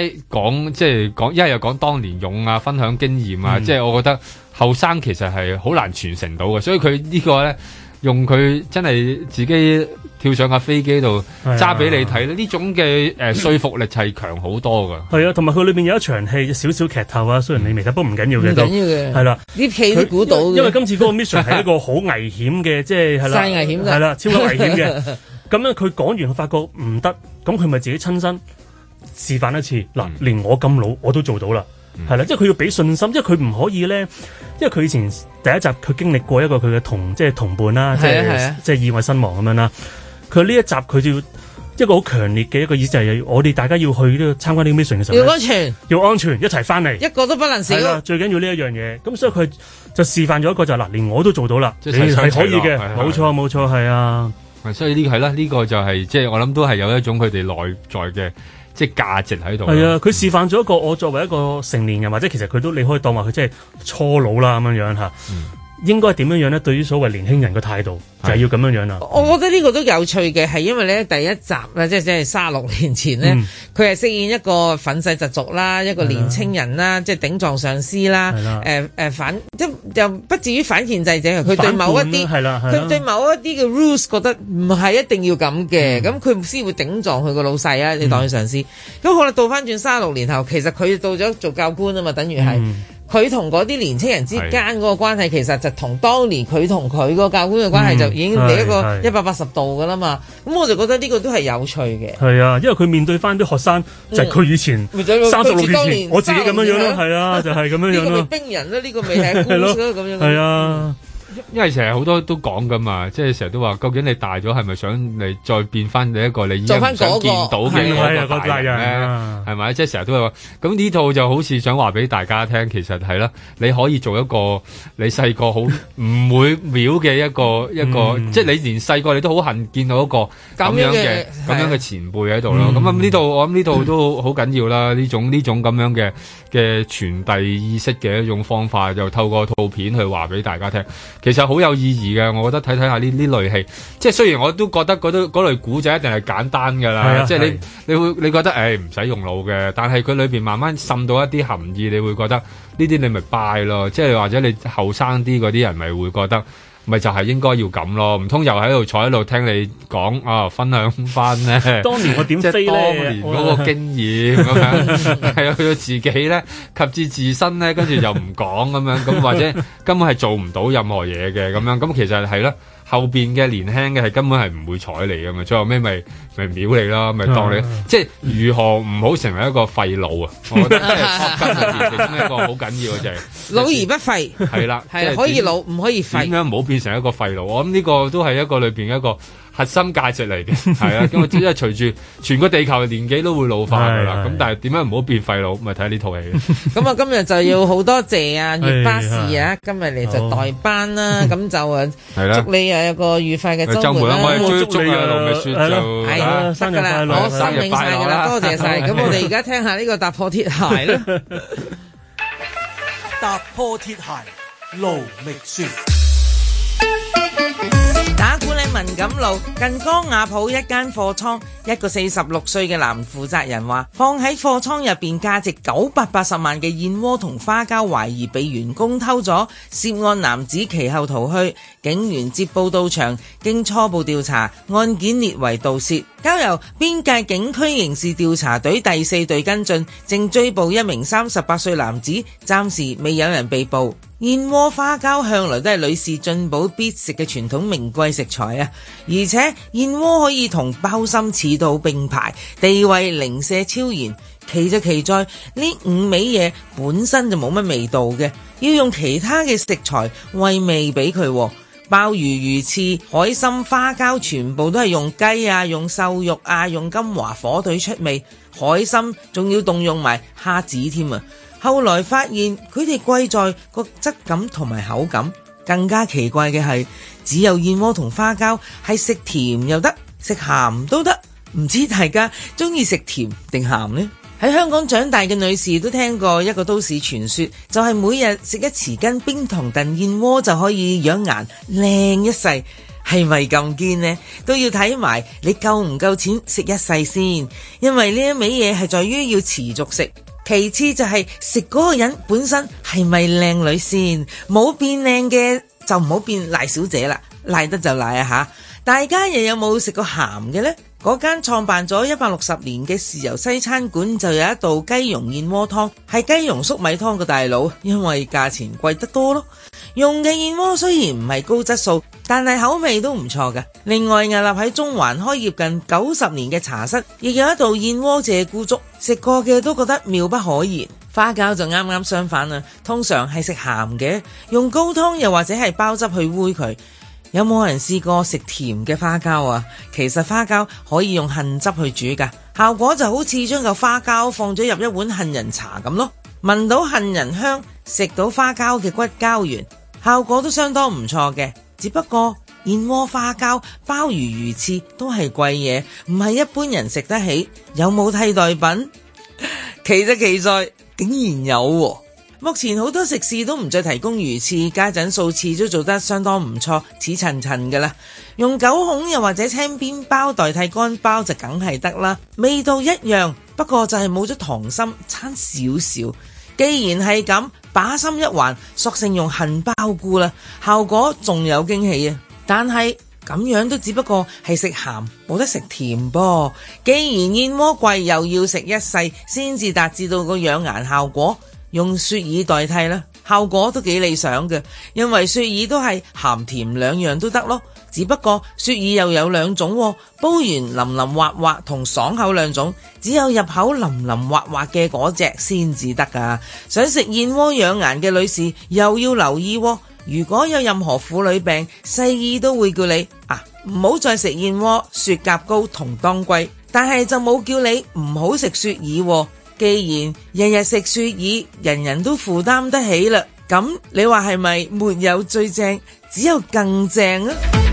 講即係講，一係又講當年勇啊，分享經驗啊，嗯、即係我覺得後生其實係好難傳承到嘅，所以佢呢個咧，用佢真係自己跳上架飛機度揸俾你睇呢種嘅誒、呃、說服力係強好多噶。係啊，同埋佢裏邊有一場戲有少少劇透啊，雖然你未睇，不過唔緊要嘅，唔緊要嘅係啦。啲戲佢估到，啊、因為今次嗰個 mission 係一個好危險嘅，即係係啦，太危險啦，係啦、啊，超級危險嘅。咁樣，佢講完，佢發覺唔得，咁佢咪自己親身。示範一次嗱，連我咁老我都做到啦，係啦，即係佢要俾信心，即係佢唔可以咧，即係佢以前第一集佢經歷過一個佢嘅同即係同伴啦，即係即係意外身亡咁樣啦。佢呢一集佢就要一個好強烈嘅一個意思就係，我哋大家要去呢個參加呢個 mission 嘅時候，要安全，要安全一齊翻嚟，一個都不能少。最緊要呢一樣嘢。咁所以佢就示範咗一個就係嗱，連我都做到啦，係可以嘅，冇錯冇錯，係啊。所以呢個係啦，呢個就係即係我諗都係有一種佢哋內在嘅。即係價值喺度。係啊，佢示範咗一個、嗯、我作為一個成年人，或者其實佢都你可以當話佢即係初老啦咁樣樣嚇。嗯應該點樣樣咧？對於所謂年輕人嘅態度，就係要咁樣樣啦。我覺得呢個都有趣嘅，係因為咧第一集啦，即係即係三十六年前咧，佢係飾演一個憤世嫉俗啦，一個年輕人啦，即係頂撞上司啦。誒誒，反即又不至於反建制者，佢對某一啲，佢對某一啲嘅 rules 覺得唔係一定要咁嘅。咁佢先會頂撞佢個老細啊，你當佢上司。咁可能倒翻轉三十六年後，其實佢到咗做教官啊嘛，等於係。佢同嗰啲年青人之間嗰個關係，是其實就同當年佢同佢個教官嘅關係就、嗯、已經嚟一個一百八十度噶啦嘛。咁是我就覺得呢個都係有趣嘅。係啊，因為佢面對翻啲學生，就係佢、是、以前三十六年前，我自己咁樣樣、啊、咯，係啊，就係、是、咁樣樣咯。呢個冰人啦，呢個咪係咁樣。係啊。因為成日好多都講噶嘛，即係成日都話，究竟你大咗係咪想你再變翻你一個你做翻嗰個見到嘅大人咧？係咪？即係成日都話咁呢套就好似想話俾大家聽，其實係啦，你可以做一個你細個好唔會秒嘅一個、嗯、一個，即係你連細個你都好恨見到一個咁樣嘅咁樣嘅前輩喺度咯。咁咁呢度我諗呢度都好緊要啦。呢、嗯、種呢種咁樣嘅嘅傳遞意識嘅一種方法，就透過套片去話俾大家聽。其實好有意義嘅，我覺得睇睇下呢呢類戲，即係雖然我都覺得嗰類古仔一定係簡單㗎啦，啊、即係你、啊、你會你覺得誒唔使用腦嘅，但係佢裏邊慢慢滲到一啲含義，你會覺得呢啲你咪拜咯，即係或者你後生啲嗰啲人咪會覺得。咪就係應該要咁咯，唔通又喺度坐喺度聽你講啊，分享翻咧？ 當年我點飛咧？ 當年嗰個經驗咁樣，係啊，佢自己咧及至自身咧，跟住又唔講咁樣，咁或者根本係做唔到任何嘢嘅咁樣，咁其實係咯。後邊嘅年輕嘅係根本係唔會睬你噶嘛，最後尾咪咪秒你啦，咪、就是、當你 即係如何唔好成為一個廢佬？啊？我覺得係其中一個好緊要嘅就係老而不廢。係啦，係可以老唔可以廢？點樣唔好變成一個廢佬？我諗呢個都係一個裏邊一個核心價值嚟嘅，係啊。因為即係隨住全個地球嘅年紀都會老化噶啦，咁但係點樣唔好變廢老？咪睇下呢套戲。咁啊，今日就要好多謝啊，月巴士啊，今日嚟就代班啦，咁就啊，祝你有一個愉快嘅周末啦，祝你生日快樂，生日快樂，多謝晒！咁我哋而家聽下呢個踏破鐵鞋咧，踏破鐵鞋盧力傳，文錦路近江雅鋪一間貨倉，一個四十六歲嘅男負責人話，放喺貨倉入邊價值九百八十萬嘅燕窩同花膠，懷疑被員工偷咗，涉案男子其後逃去。警員接報到場，經初步調查，案件列為盜竊，交由邊界警區刑事調查隊第四隊跟進，正追捕一名三十八歲男子，暫時未有人被捕。燕窩花膠向來都係女士進補必食嘅傳統名貴食材啊！而且燕窩可以同鮑參翅肚並排，地位零舍超然。奇就奇在呢五味嘢本身就冇乜味道嘅，要用其他嘅食材餵味俾佢。鮑魚、魚翅、海參、花膠，全部都係用雞啊、用瘦肉啊、用金華火腿出味。海參仲要動用埋蝦子添啊！後來發現佢哋貴在個質感同埋口感。更加奇怪嘅係，只有燕窩同花膠係食甜又得，食鹹都得。唔知大家鍾意食甜定鹹呢？喺香港長大嘅女士都聽過一個都市傳說，就係每日食一匙羹冰糖燉燕窩就可以養顏靚一世，係咪咁堅呢？都要睇埋你夠唔夠錢食一世先，因為呢一味嘢係在於要持續食。其次就係食嗰個人本身係咪靚女先，冇變靚嘅就唔好變賴小姐啦，賴得就賴啊吓！大家又有冇食過鹹嘅呢？嗰間創辦咗一百六十年嘅豉油西餐館，就有一道雞茸燕窩湯，係雞茸粟米湯嘅大佬，因為價錢貴得多咯。用嘅燕窩雖然唔係高質素，但係口味都唔錯㗎。另外屹立喺中環開業近九十年嘅茶室，亦有一道燕窩鷓鴣粥，食過嘅都覺得妙不可言。花膠就啱啱相反啦，通常係食咸嘅，用高湯又或者係鮑汁去煨佢。有冇人試過食甜嘅花膠啊？其實花膠可以用杏汁去煮噶，效果就好似將個花膠放咗入一碗杏仁茶咁咯。聞到杏仁香，食到花膠嘅骨膠原，效果都相當唔錯嘅。只不過燕窩、花膠、鮑魚、魚翅都係貴嘢，唔係一般人食得起。有冇替代品？ 奇就奇在，竟然有喎！目前好多食肆都唔再提供魚翅，家陣素翅都做得相當唔錯，似層層㗎啦。用九孔又或者青邊鮑代替乾鮑就梗係得啦，味道一樣，不過就係冇咗糖心，差少少。既然係咁，把心一橫，索性用杏鮑菇啦，效果仲有驚喜啊！但係咁樣都只不過係食鹹，冇得食甜噃。既然燕窩貴，又要食一世先至達至到個養顏效果。用雪耳代替啦，效果都幾理想嘅，因為雪耳都係鹹甜兩樣都得咯。只不過雪耳又有兩種，煲完淋淋滑滑同爽口兩種，只有入口淋淋滑滑嘅嗰隻先至得噶。想食燕窩養顏嘅女士又要留意喎，如果有任何婦女病，西醫都會叫你啊唔好再食燕窩、雪蛤膏同當歸，但係就冇叫你唔好食雪耳。既然日日食雪耳，人人都負擔得起啦，咁你話係咪沒有最正，只有更正啊？